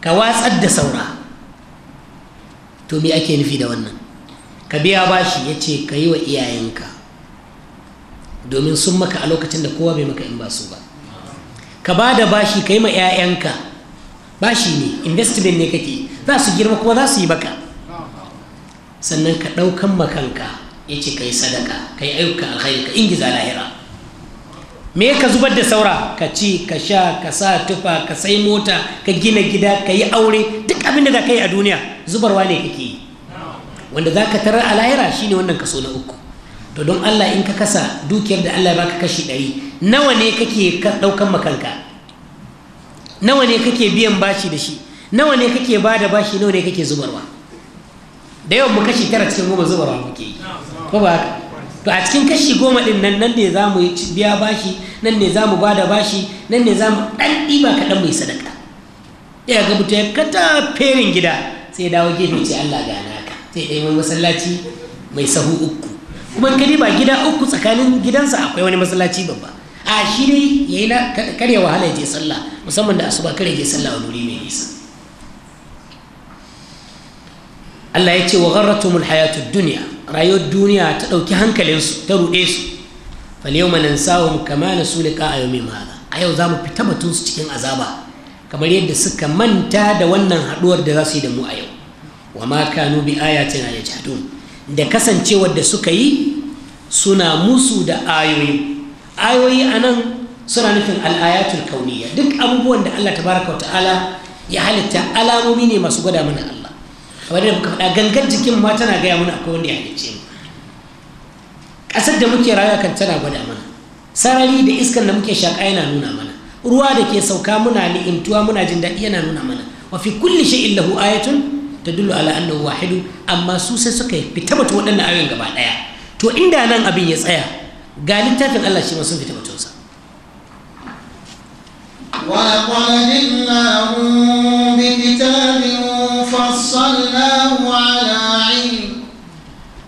ka watsar da saura to me ake nufi da wannan ka biya bashi ya ce ka yi wa iyayenka domin sun maka a lokacin da kowa bai maka in ba su ba ka ba da bashi ka yi ma 'ya'yanka bashi ne investment ne kake za su girma kuma za su yi baka sannan ka ɗaukan makanka ya ce ka yi sadaka ka yi ayyuka alkhairi ka ingiza lahira me ka zubar da saura ka ci ka sha ka sa tufa ka sai mota ka gina gida ka yi aure duk abin da za ka yi a duniya zubarwa ne kake yi wanda za ka tarar a lahira shine wannan kaso na uku to don allah in ka kasa dukiyar da allah ya baka kashi ɗari nawa ne kake ɗaukan makanka nawa ne kake biyan bashi da shi nawa ne kake ba da bashi nawa ne kake zubarwa da yawan mu kashi tara cikin goma zubarwa muke yi ko ba haka to a cikin kashi goma din nan nan ne za mu biya bashi nan ne za mu ba da bashi nan ne za mu ɗan ɗiba kaɗan mai sadaka ya ga mutum ya kata ferin gida sai ya dawo gefe ce Allah ga naka sai ɗaya mai masallaci mai sahu uku kuma kadi ba gida uku tsakanin gidansa akwai wani masallaci babba a shi dai ya yi na karya wahala ya je sallah musamman da asuba kare je sallah a wuri mai nisa Allah ya ce wa gharratumul hayatud duniya rayuwar duniya ta ɗauki hankalinsu ta ruɗe su falyau manan sawun kama na su a yau mai a yau za mu fita batun su cikin azaba kamar yadda suka manta da wannan haɗuwar da za su yi da mu a yau wa ma kanu bi ayatina ya da kasancewar da suka yi suna musu da ayoyi ayoyi a nan suna nufin al'ayatul kauniya duk abubuwan da Allah tabaraka wa ta'ala ya halitta alamomi ne masu gwada mana kamar da muka faɗa gangan jikin ma tana gaya mana akwai wanda ya halicce mu ƙasar da muke rayuwa kan tana gwada mana sarari da iskan da muke shaka yana nuna mana ruwa da ke sauka muna ni'imtuwa muna jin daɗi yana nuna mana wa fi kulli shay'in lahu ayatun tadullu ala annahu wahidu amma su sai suka fita bata waɗannan ayoyin gaba ɗaya to inda nan abin ya tsaya ga littafin Allah shi ma sun fita sa ولقد جئناهم بكتاب فصلناه على علم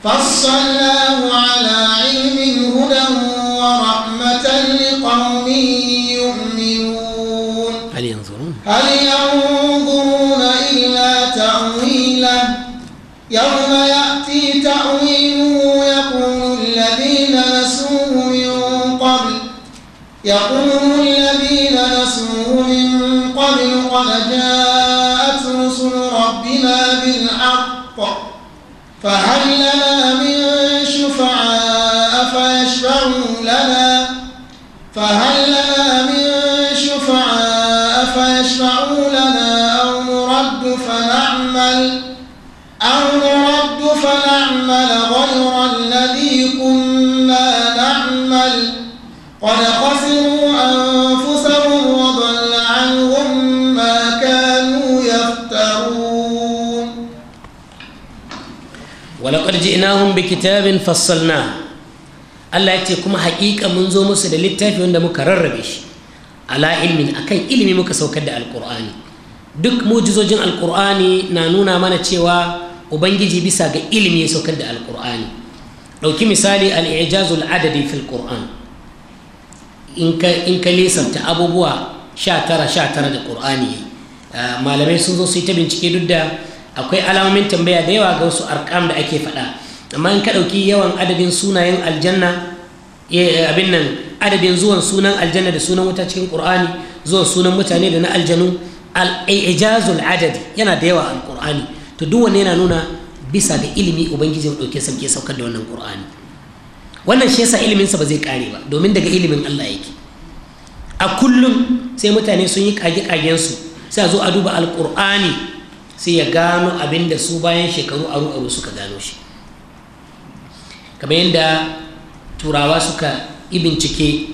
فصلناه على علم هدى ورحمة لقوم يؤمنون هل ينظرون هل ينظرون إلا تأويله يوم يأتي تأويله يقول الذين نسوه من قبل يقول فهل لنا من شفعاء فيشفعوا لنا فهل لنا من شفعاء فيشفعوا لنا أو نرد فنعمل أو نرد فنعمل غير الذي كنا نعمل قد ina ji'inahun bi kitabin fassalna Allah ya ce kuma haƙiƙa mun zo musu da littafi wanda muka rarrabe shi ala ilmin akan ilimi muka saukar da alƙur'ani duk mujizojin alƙur'ani na nuna mana cewa ubangiji bisa ga ilimi ya saukar da alƙur'ani ɗauki misali al'ijazul adadi fil ƙur'an in ka lisanta abubuwa sha tara sha tara da ƙur'ani ah, malamai sun zo su yi ta bincike duk da akwai alamomin tambaya da yawa ga wasu arkam da ake faɗa amma in ka ɗauki yawan adadin sunayen aljanna eh, abin nan adadin zuwan sunan aljanna da sunan wuta cikin qur'ani zuwan sunan mutane da na aljanu al adadi yana da yawa al to duk wanne yana nuna bisa ga ilimi ubangijin ya ɗauke sauke saukar da wannan ƙur'ani wannan shi yasa ilimin sa ba zai kare ba domin daga ilimin Allah yake a kullum sai mutane sun yi kage kagen su sai a zo a duba al sai ya gano abin da su bayan shekaru aru aru suka gano shi kamar yadda turawa suka bincike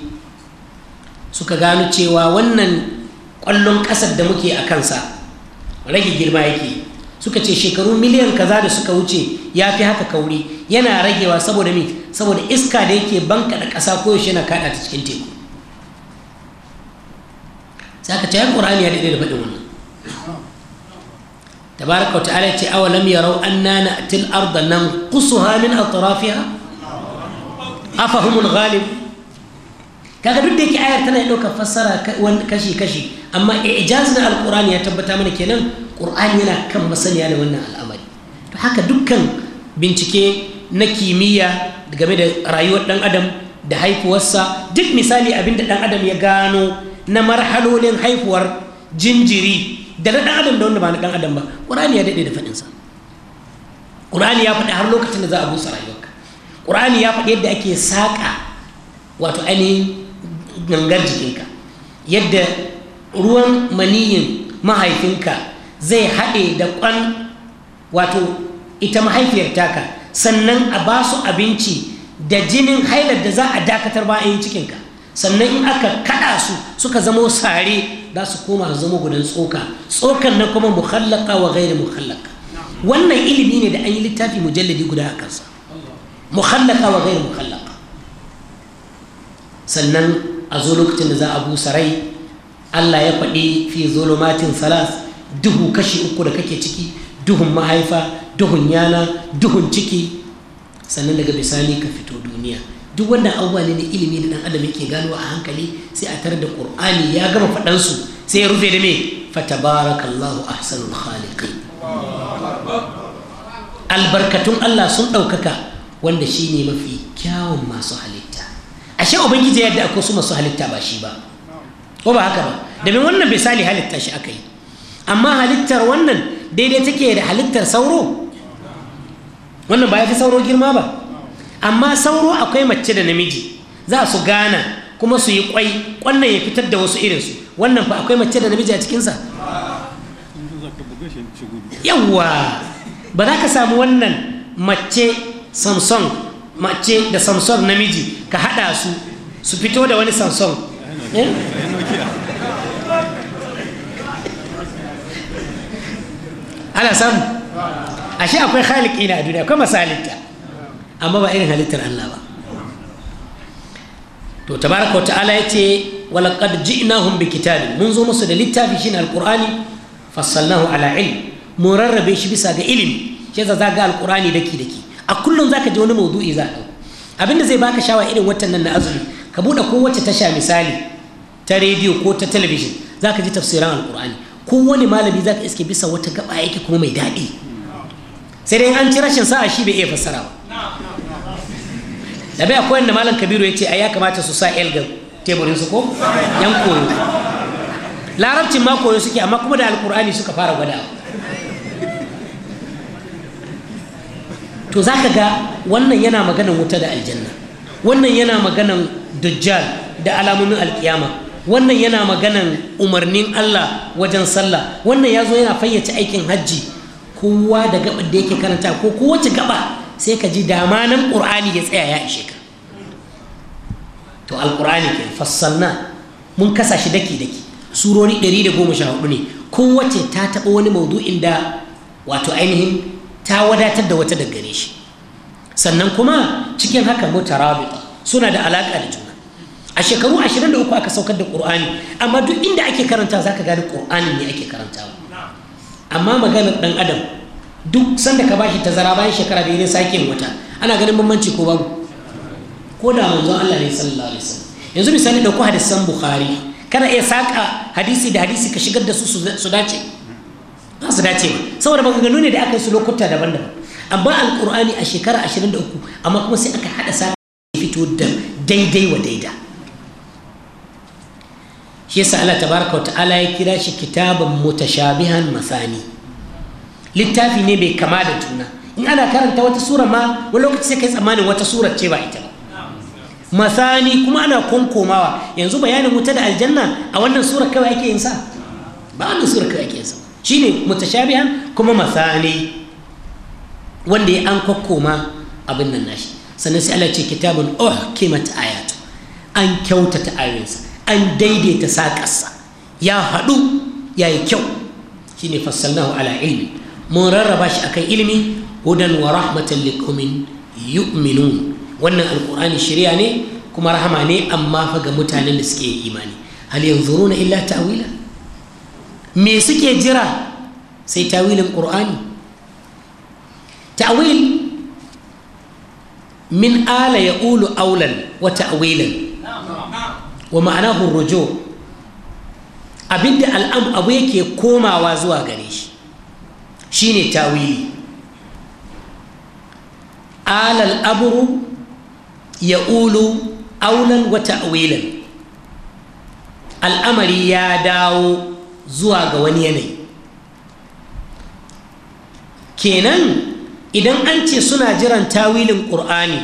suka gano cewa wannan ƙwallon ƙasar da muke a kansa rage girma yake suka ce shekaru miliyan kaza da suka wuce ya fi haka kauri yana ragewa saboda mi saboda iska da yake banka da ƙasa koyaushe yana kaɗa ta cikin teku sai aka ce ya ƙorani ya daɗe da faɗin wannan tabaraka ta'ala ce awa ya yarau anna na'til arda nanqusuha min a afahumul ghalib kaga duk da yake ayar tana ɗaukar fassara kashi kashi amma ijaz na alkurani ya tabbata mana kenan qur'ani yana kan masaniya da wannan al'amari to haka dukkan bincike na kimiyya game da rayuwar dan adam da haifuwarsa duk misali abinda dan adam ya gano na marhalolin haifuwar jinjiri da na ɗan adam da wanda ba na dan adam ba ƙur'ani ya dade da sa ƙur'ani ya faɗi har lokacin da za a busa rayuwarka ƙur'ani ya faɗi yadda ake saƙa wato ani gangar jikinka yadda ruwan maniyin mahaifinka zai haɗe da kwan wato ita mahaifiyar taka sannan a basu abinci da jinin hailar da za a dakatar bayan cikinka sannan in aka kada su suka zamo sare za su koma su zama gudan tsoka tsokan na kuma muhallaka wa gairi muhallaka wannan ilimi ne da an yi littafi mujalladi guda a kansa muhallaka wa gairi muhallaka. sannan a zo lokacin da za a busa rai Allah ya faɗi fi zulumatin salas duhu kashi uku da kake ciki duhun mahaifa duhun yana duhun ciki sannan daga bisani ka fito duniya duk wannan abubuwa ne na ilimi da dan adam yake gano a hankali sai a tare da qur'ani ya gama faɗan su sai ya rufe da me fatabarakallahu ahsanul khaliqin albarkatun Allah sun ɗaukaka wanda shine mafi kyawun masu halitta ashe ubangiji yadda akwai su masu halitta ba shi ba ko ba haka ba domin wannan misali halitta shi aka yi amma halittar wannan daidai take da halittar sauro wannan ba ya fi sauro girma ba amma sauro akwai mace da namiji za su gana kuma su yi kwai wannan ya fitar da wasu irinsu wannan fa akwai mace da namiji a cikinsa yawwa ba za ka samu wannan mace samson mace da samson namiji ka haɗa su su fito da wani samson eh? ana samu ashe akwai khaliki na a duniya kuma masalinta amma ba irin halittar Allah ba to tabaraka ta'ala yace walaqad ji'nahum bikitabin mun zo musu da littafi shine alqur'ani fassalnahu ala ilm mun rarrabe shi bisa ga ilimi shi za zaga alqur'ani daki daki a kullum zaka ji wani maudu'i za ka abinda zai baka shawa irin watan nan na azumi ka bude kowace tasha misali ta rediyo ko ta talabijin zaka ji tafsiran alqur'ani wani malami zaka iske bisa wata gaba yake kuma mai daɗi sai dai an ci rashin sa'a shi bai iya fassara ba da bai akwai wanda malam kabiru ya ce a ya kamata su sa el ga teburin su ko yan koyo larabcin ma koyo suke amma kuma da alkur'ani suka fara gwada to za ka ga wannan yana maganan wuta da aljanna wannan yana maganan dajjal da alamomin alkiyama wannan yana maganan umarnin Allah wajen sallah wannan ya zo yana fayyace aikin hajji kowa da gaba da yake karanta ko kowace gaba sai ka ji dama nan ƙur'ani ya tsaya ya ishe ka to alƙur'ani ke fassalna mun kasa shi daki daki surori 114 ne wace ta taɓa wani maudu'in da wato ainihin ta wadatar da wata da gare shi sannan kuma cikin haka mota suna da alaƙa da juna a shekaru 23 aka saukar da ƙur'ani amma duk inda ake karanta za ka gane ƙur'ani ne ake karantawa amma maganar ɗan adam duk sanda ka bashi tazara bayan shekara biyu ne sake wata ana ganin bambanci ko babu ko da manzo Allah ne sallallahu alaihi wasallam yanzu misali dauko hadisan bukhari kana iya saka hadisi da hadisi ka shigar da su su dace ba su dace ba saboda ga ne da aka yi su lokuta daban-daban amma alqur'ani a shekara 23 amma kuma sai aka hada sa fito da daidai wa daida shi yasa Allah tabaraka wa ta'ala ya kira shi kitaban mutashabihan masani littafi ne bai kama da juna in ana karanta wata sura ma wani lokaci sai kai tsammanin wata surar ce ba ita ba masani kuma ana konkomawa yanzu bayanin wuta da aljanna a wannan surar kawai ake yin sa ba wannan surar kawai ake yin sa shine mutashabihan kuma masani wanda ya an kokkoma abin nan nashi sannan sai Allah ce kitabun uhkimat ayatu an kyautata ayoyinsa an daidaita saƙarsa ya haɗu ya yi kyau shine fassalnahu ala ilmi mun rarraba shi akan ilimi hudan wa rahmatan liqaumin yu'minun wannan alqur'ani shari'a ne kuma rahama ne amma fa ga mutanen da suke imani hal yanzuruna illa ta'wila me suke jira sai tawilin qur'ani ta'wil min ala yaqulu awlan wa ta'wilan wa ma'anahu rujo abinda al'am abu yake komawa zuwa gare shi Shi ne tawili alal aburu ya ulu aulan wata ta'wilan al'amari ya dawo zuwa ga wani yanayi kenan idan an ce suna jiran tawilin ƙur'ani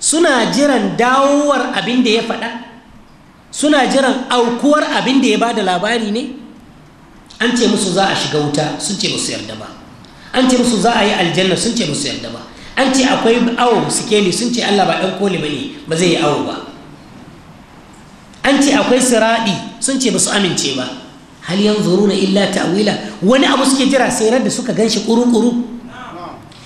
suna jiran dawowar abin da ya faɗa suna jiran aukuwar abin da ya ba da labari ne an ce musu za a shiga wuta sun ce musu yarda ba an ce musu za a yi aljanna sun ce musu yarda ba an ce akwai awo sikeli sun ce Allah ba ɗan koli ne ba zai yi awo ba an ce akwai siradi sun ce ba su amince ba hal na illa ta'wila wani abu suke jira sai da suka ganshi kuru-kuru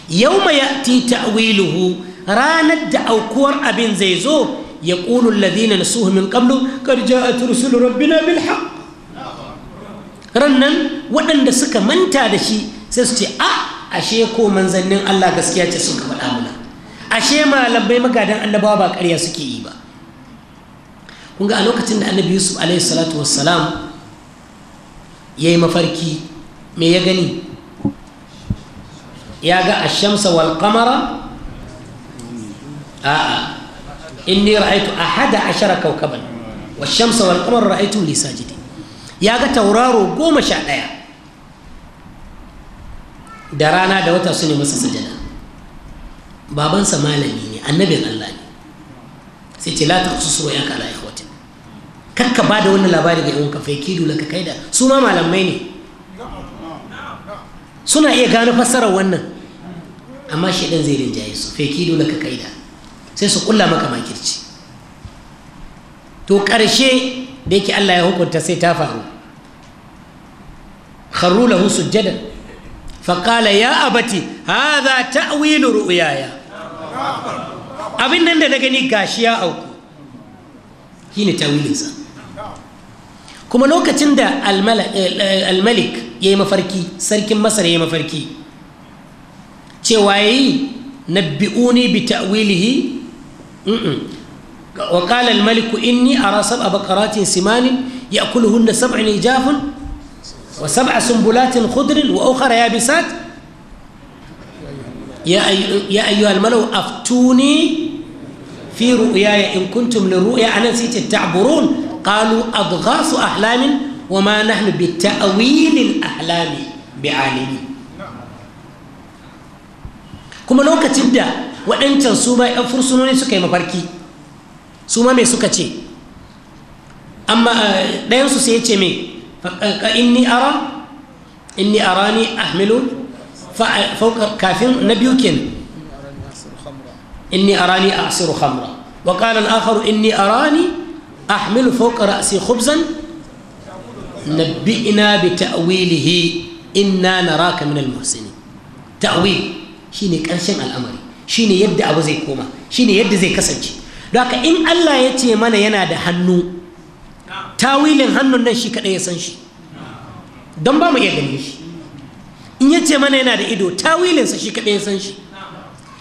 yawma ya'ti ta'wiluhu ranar da aukuwar abin zai zo ya ƙulu ladina na suhumin min ƙamlu ƙarja a turusul rabbina bil rannan waɗanda suka manta da shi sai su ce a ah, ashe ko manzannin Allah gaskiya ce sun faɗa muna ashe malamai magadan annabawa ba ƙarya suke yi ba kun ga a lokacin da annabi yusuf alaihi salatu wassalam ya yi mafarki me ya gani ya ga ashamsa wal qamara a'a inni ra'aytu ahada ashara kaukaban wa shamsa wal qamara ra'aytu li sajidin ya ga tauraro goma sha ɗaya da rana da wata su ne masa sujada babansa malami ne annabin Allah ne sai ce la su su ya kala ya hoti kakka ba da wannan labari ga yawon kafai kidu laka da su ma malamai ne suna iya gano fassarar wannan amma shi ɗan zai rinjaye su fai kidu laka da sai su kulla maka makirci to ƙarshe da yake Allah ya hukunta sai ta faru kharru lahu sujjadan Fakala ya abati haza ta'wilu ru'yaya abin nan da na gani gashi ya auku shine tawilinsa kuma lokacin da eh, almalik yayi yi mafarki sarkin masar ya yi mafarki cewa ya yi nabbi'uni bi ta'wilihi wa qala almalik a ara sab'a baqaratin simanin da sab'un ijafun وسبع سنبلات خضر وأخرى يابسات يا, يا أيها الملو أفتوني في رؤياي إن كنتم للرؤيا أنا نسيت تعبرون قالوا أضغاث أحلام وما نحن بتأويل الأحلام بعالمين kuma lokacin da waɗancan su ma 'yan fursunoni suka yi mafarki su ma mai suka ce amma ɗayansu sai ya ce mai إني أرى إني أراني أحمل فوق كافر نبيك إني أراني أعصر خمرا وقال الآخر إني أراني أحمل فوق رأسي خبزا نبئنا بتأويله إنا نراك من المحسنين تأويل شيني كرشن الأمر شيني يبدأ أبو زي كوما شيني يبدأ زي كسنجي لكن إن الله يتي من ينادى هنو tawilin hannun nan shi kaɗai ya san shi don ba mu iya gani shi in ya ce mana yana da ido tawilinsa shi kaɗai ya san shi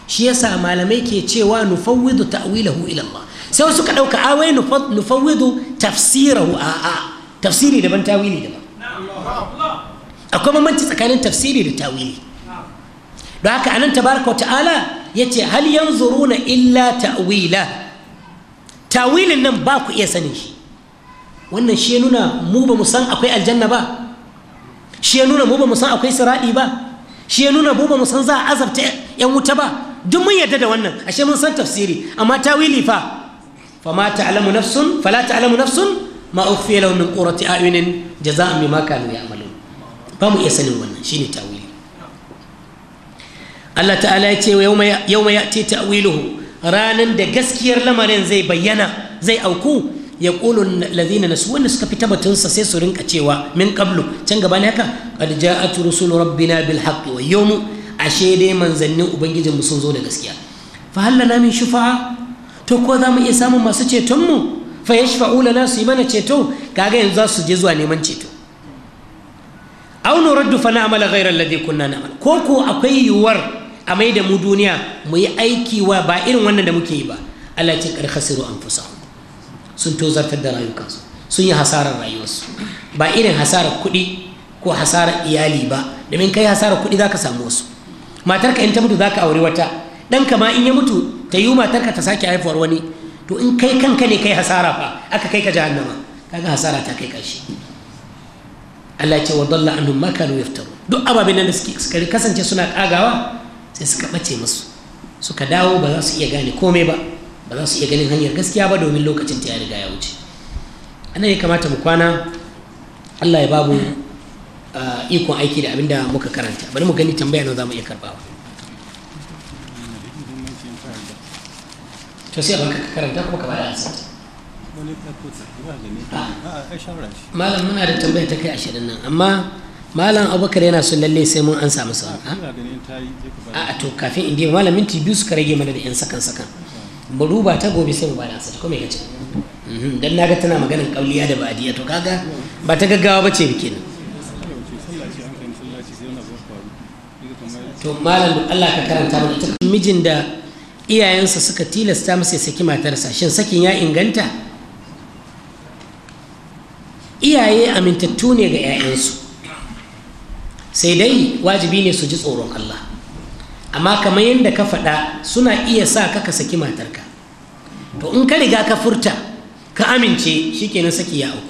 shi yasa malamai ke cewa nufawwidu ta'wilahu ila Allah sai wasu ka ɗauka awai nufawwidu tafsirahu a a tafsiri daban tawili daban akwai mamanci tsakanin tafsiri da tawili don haka anan tabaraka ta'ala yace hal yanzuruna illa ta'wila tawilin nan ba ku iya sanin shi wannan shi nuna mu ba mu san akwai aljanna ba shi nuna mu ba mu san akwai siradi ba shi nuna mu ba mu san za a azabta yan wuta ba duk mun yadda da wannan ashe mun san tafsiri amma tawili fa fama ta'lamu nafsun fala ta'lamu nafsun ma ukhfiya lahum min qurrati a'yunin jaza'an bima kanu ya'malun ba mu iya sanin wannan shine tawili Allah ta'ala ya ce yawma ya'ti ta'wiluhu ranan da gaskiyar lamarin zai bayyana zai auku ya ƙulun lazina na su wanda suka fi tabbatunsa sai su rinka cewa min kablu can gaba ne haka qad ja'at rabbi na bil haqqi wa yawmu ashe dai manzannin ubangijin mu sun zo da gaskiya fa na min shufa'a to ko za mu iya samun masu ceton mu fa yashfa'u lana su yi mana ceto kaga yanzu za su je zuwa neman ceto aw nuraddu fa na'mala ghayra alladhi kunna na'mal ko ko akwai yiwuwar a mai da mu duniya mu yi aiki wa ba irin wannan da muke yi ba Allah ce kar khasiru anfusahum sun tozartar da rayukansu sun yi hasarar rayuwarsu ba irin hasarar kuɗi ko hasarar iyali ba domin kai hasarar kuɗi za ka samu wasu matarka in ta mutu za ka auri wata ɗanka ma in ya mutu ta yi matarka ta sake haifuwar wani to in kai kanka ne kai hasara fa aka kai ka jahannama kaga hasara ta kai kashi Allah ce wa dalla annum ma kanu yaftaru duk ababen nan da suka kasance suna kagawa sai suka bace musu suka dawo ba za su iya gane komai ba ba za su iya ganin hanyar gaskiya ba domin lokacin ta ya riga ya wuce anan ya kamata mu kwana Allah ya babu ikon aiki da abinda muka karanta bari mu gani tambaya na za mu iya karbawa to sai karanta kuma asibiti malam muna da tambaya ta kai ashirin nan amma malam abubakar yana son lalle sai mun an samu sa'a a to kafin in je malam minti biyu suka rage mana da yan sakan sakan mu ba ta gobe sai mu bada sa ko me kace mhm. dan naga tana maganar kauliya da ba'diya to kaga ba ta gaggawa bace bike ne to malam Allah ka karanta mu ta mijin da iyayensa suka tilasta masa ya saki matarsa shin sakin ya inganta iyaye amintattu ne ga 'ya'yansu sai dai wajibi ne su ji tsoron Allah amma kamar yadda ka faɗa suna iya sa ka ka saki matarka to in ka riga ka furta ka amince shi shikenan saki ya auku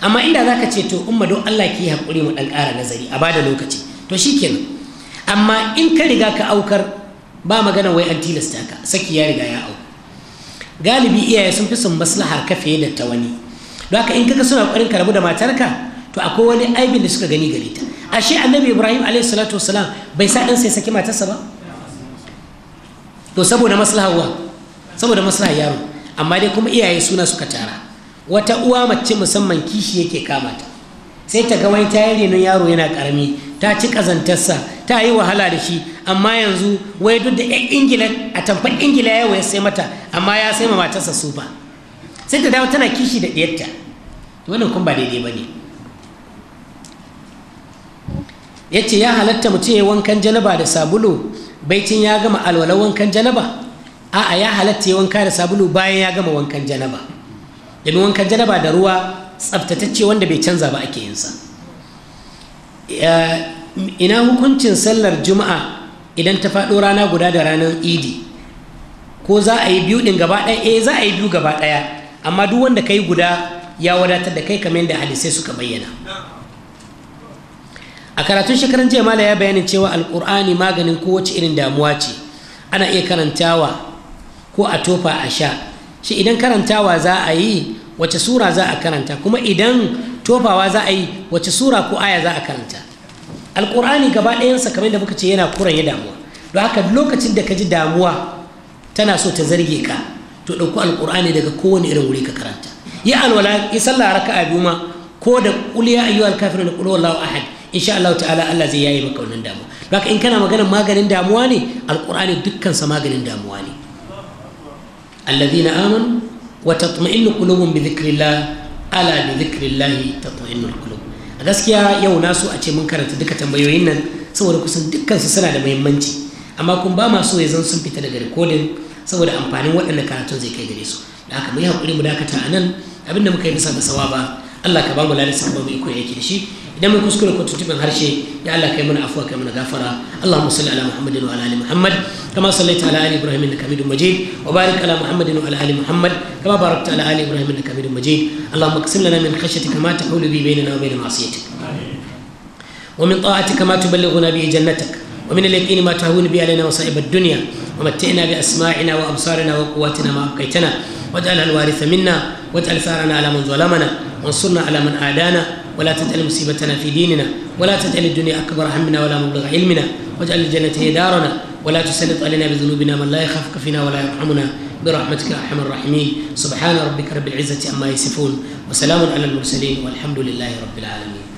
amma inda za ka ce to umma don Allah ki haƙuri mu ɗan ƙara nazari a bada lokaci to shi nan amma in ka riga ka aukar ba magana wai an tilasta ka saki ya riga ya auku galibi iyaye sun fi son maslahar ka fiye da ta wani don haka in kaga suna ƙoƙarin ka rabu da matarka to akwai wani aibin da suka gani gare ta ashe annabi ibrahim alayhi salatu wasalam bai sa ɗansa ya saki matarsa ba to saboda maslahar saboda maslahar yaro amma dai kuma iyaye suna suka tara wata uwa mace musamman kishi yake kama ta sai ta ga wani tayi renon yaro yana karami ta ci kazantarsa ta yi wahala da shi amma yanzu wai duk da yan ingila a tamfar ingila yau ya sai mata amma ya sai ma matarsa su ba sai ta dawo tana kishi da ɗiyarta wannan kun ba daidai ba ne ya ce ya halatta mutum ya yi wankan janaba da sabulu baicin ya gama alwalar wankan janaba a'a ya halatta wanka da sabulu bayan ya gama wankan janaba domin wankan janaba da ruwa tsaftatacce wanda bai canza ba ake yinsa ina hukuncin sallar juma'a idan ta faɗo rana guda da ranar idi ko za a yi biyu ɗin gaba ɗaya eh za a yi biyu gaba ɗaya amma duk wanda ka yi guda ya wadatar da kai kamar yadda hadisai suka bayyana a karatun shekaran jiya mala ya bayanin cewa alkur'ani maganin kowace irin damuwa ce ana iya karantawa ko a tofa a sha shi idan karantawa za a yi wace sura za a karanta kuma idan tofawa za a yi wace sura ko aya za a karanta alkur'ani gaba ɗayansa kamar da muka ce yana kuranye damuwa don haka lokacin da ka ji damuwa tana so ta zarge ka to ɗauko alkur'ani daga kowane irin wuri ka karanta yi alwala yi sallah raka'a biyu ma ko da kuliya ayyuhal kafirun da qul huwallahu ahad insha Allah ta'ala Allah zai yaye maka wannan damuwa haka in kana maganar maganin damuwa ne alqur'ani dukkan sa maganin damuwa ne alladhina amanu wa tatma'innu qulubuhum bi dhikrillah ala bi dhikrillah tatma'innu alqulub a gaskiya yau na so a ce mun karanta duka tambayoyin nan saboda kusan dukkan su suna da muhimmanci amma kun ba ma so ya zan sun fita daga rikodin saboda amfanin waɗannan karatun zai kai gare su da haka mu yi haƙuri mu dakata a nan abinda muka yi bisa da sawa ba Allah ka ba mu lalisa ba mu iko yake da shi idan mun kuskure ko tutubin harshe ya Allah kai mana afuwa kai mana gafara Allahumma salli ala Muhammadin wa ala ali Muhammad kama sallaita ala ali Ibrahim innaka Hamidum Majid wa barik ala Muhammadin wa ala ali Muhammad kama barakta ala ali Ibrahim innaka Hamidum Majid Allahumma qsim lana min khashyatika ma tahulu bi bainana wa bain ma'siyatik ومن طاعتك ما تبلغنا به جنتك ومن اليقين ما تهون به علينا مصائب الدنيا ومتعنا بأسماعنا وأبصارنا وقواتنا ما أبقيتنا واجعلها الوارث منا واجعل ثارنا على من ظلمنا وانصرنا على من عادانا ولا تجعل مصيبتنا في ديننا ولا تجعل الدنيا أكبر همنا ولا مبلغ علمنا واجعل الجنة هي دارنا ولا تسلط علينا بذنوبنا من لا يخافك فينا ولا يرحمنا برحمتك أرحم الراحمين سبحان ربك رب العزة عما يصفون وسلام على المرسلين والحمد لله رب العالمين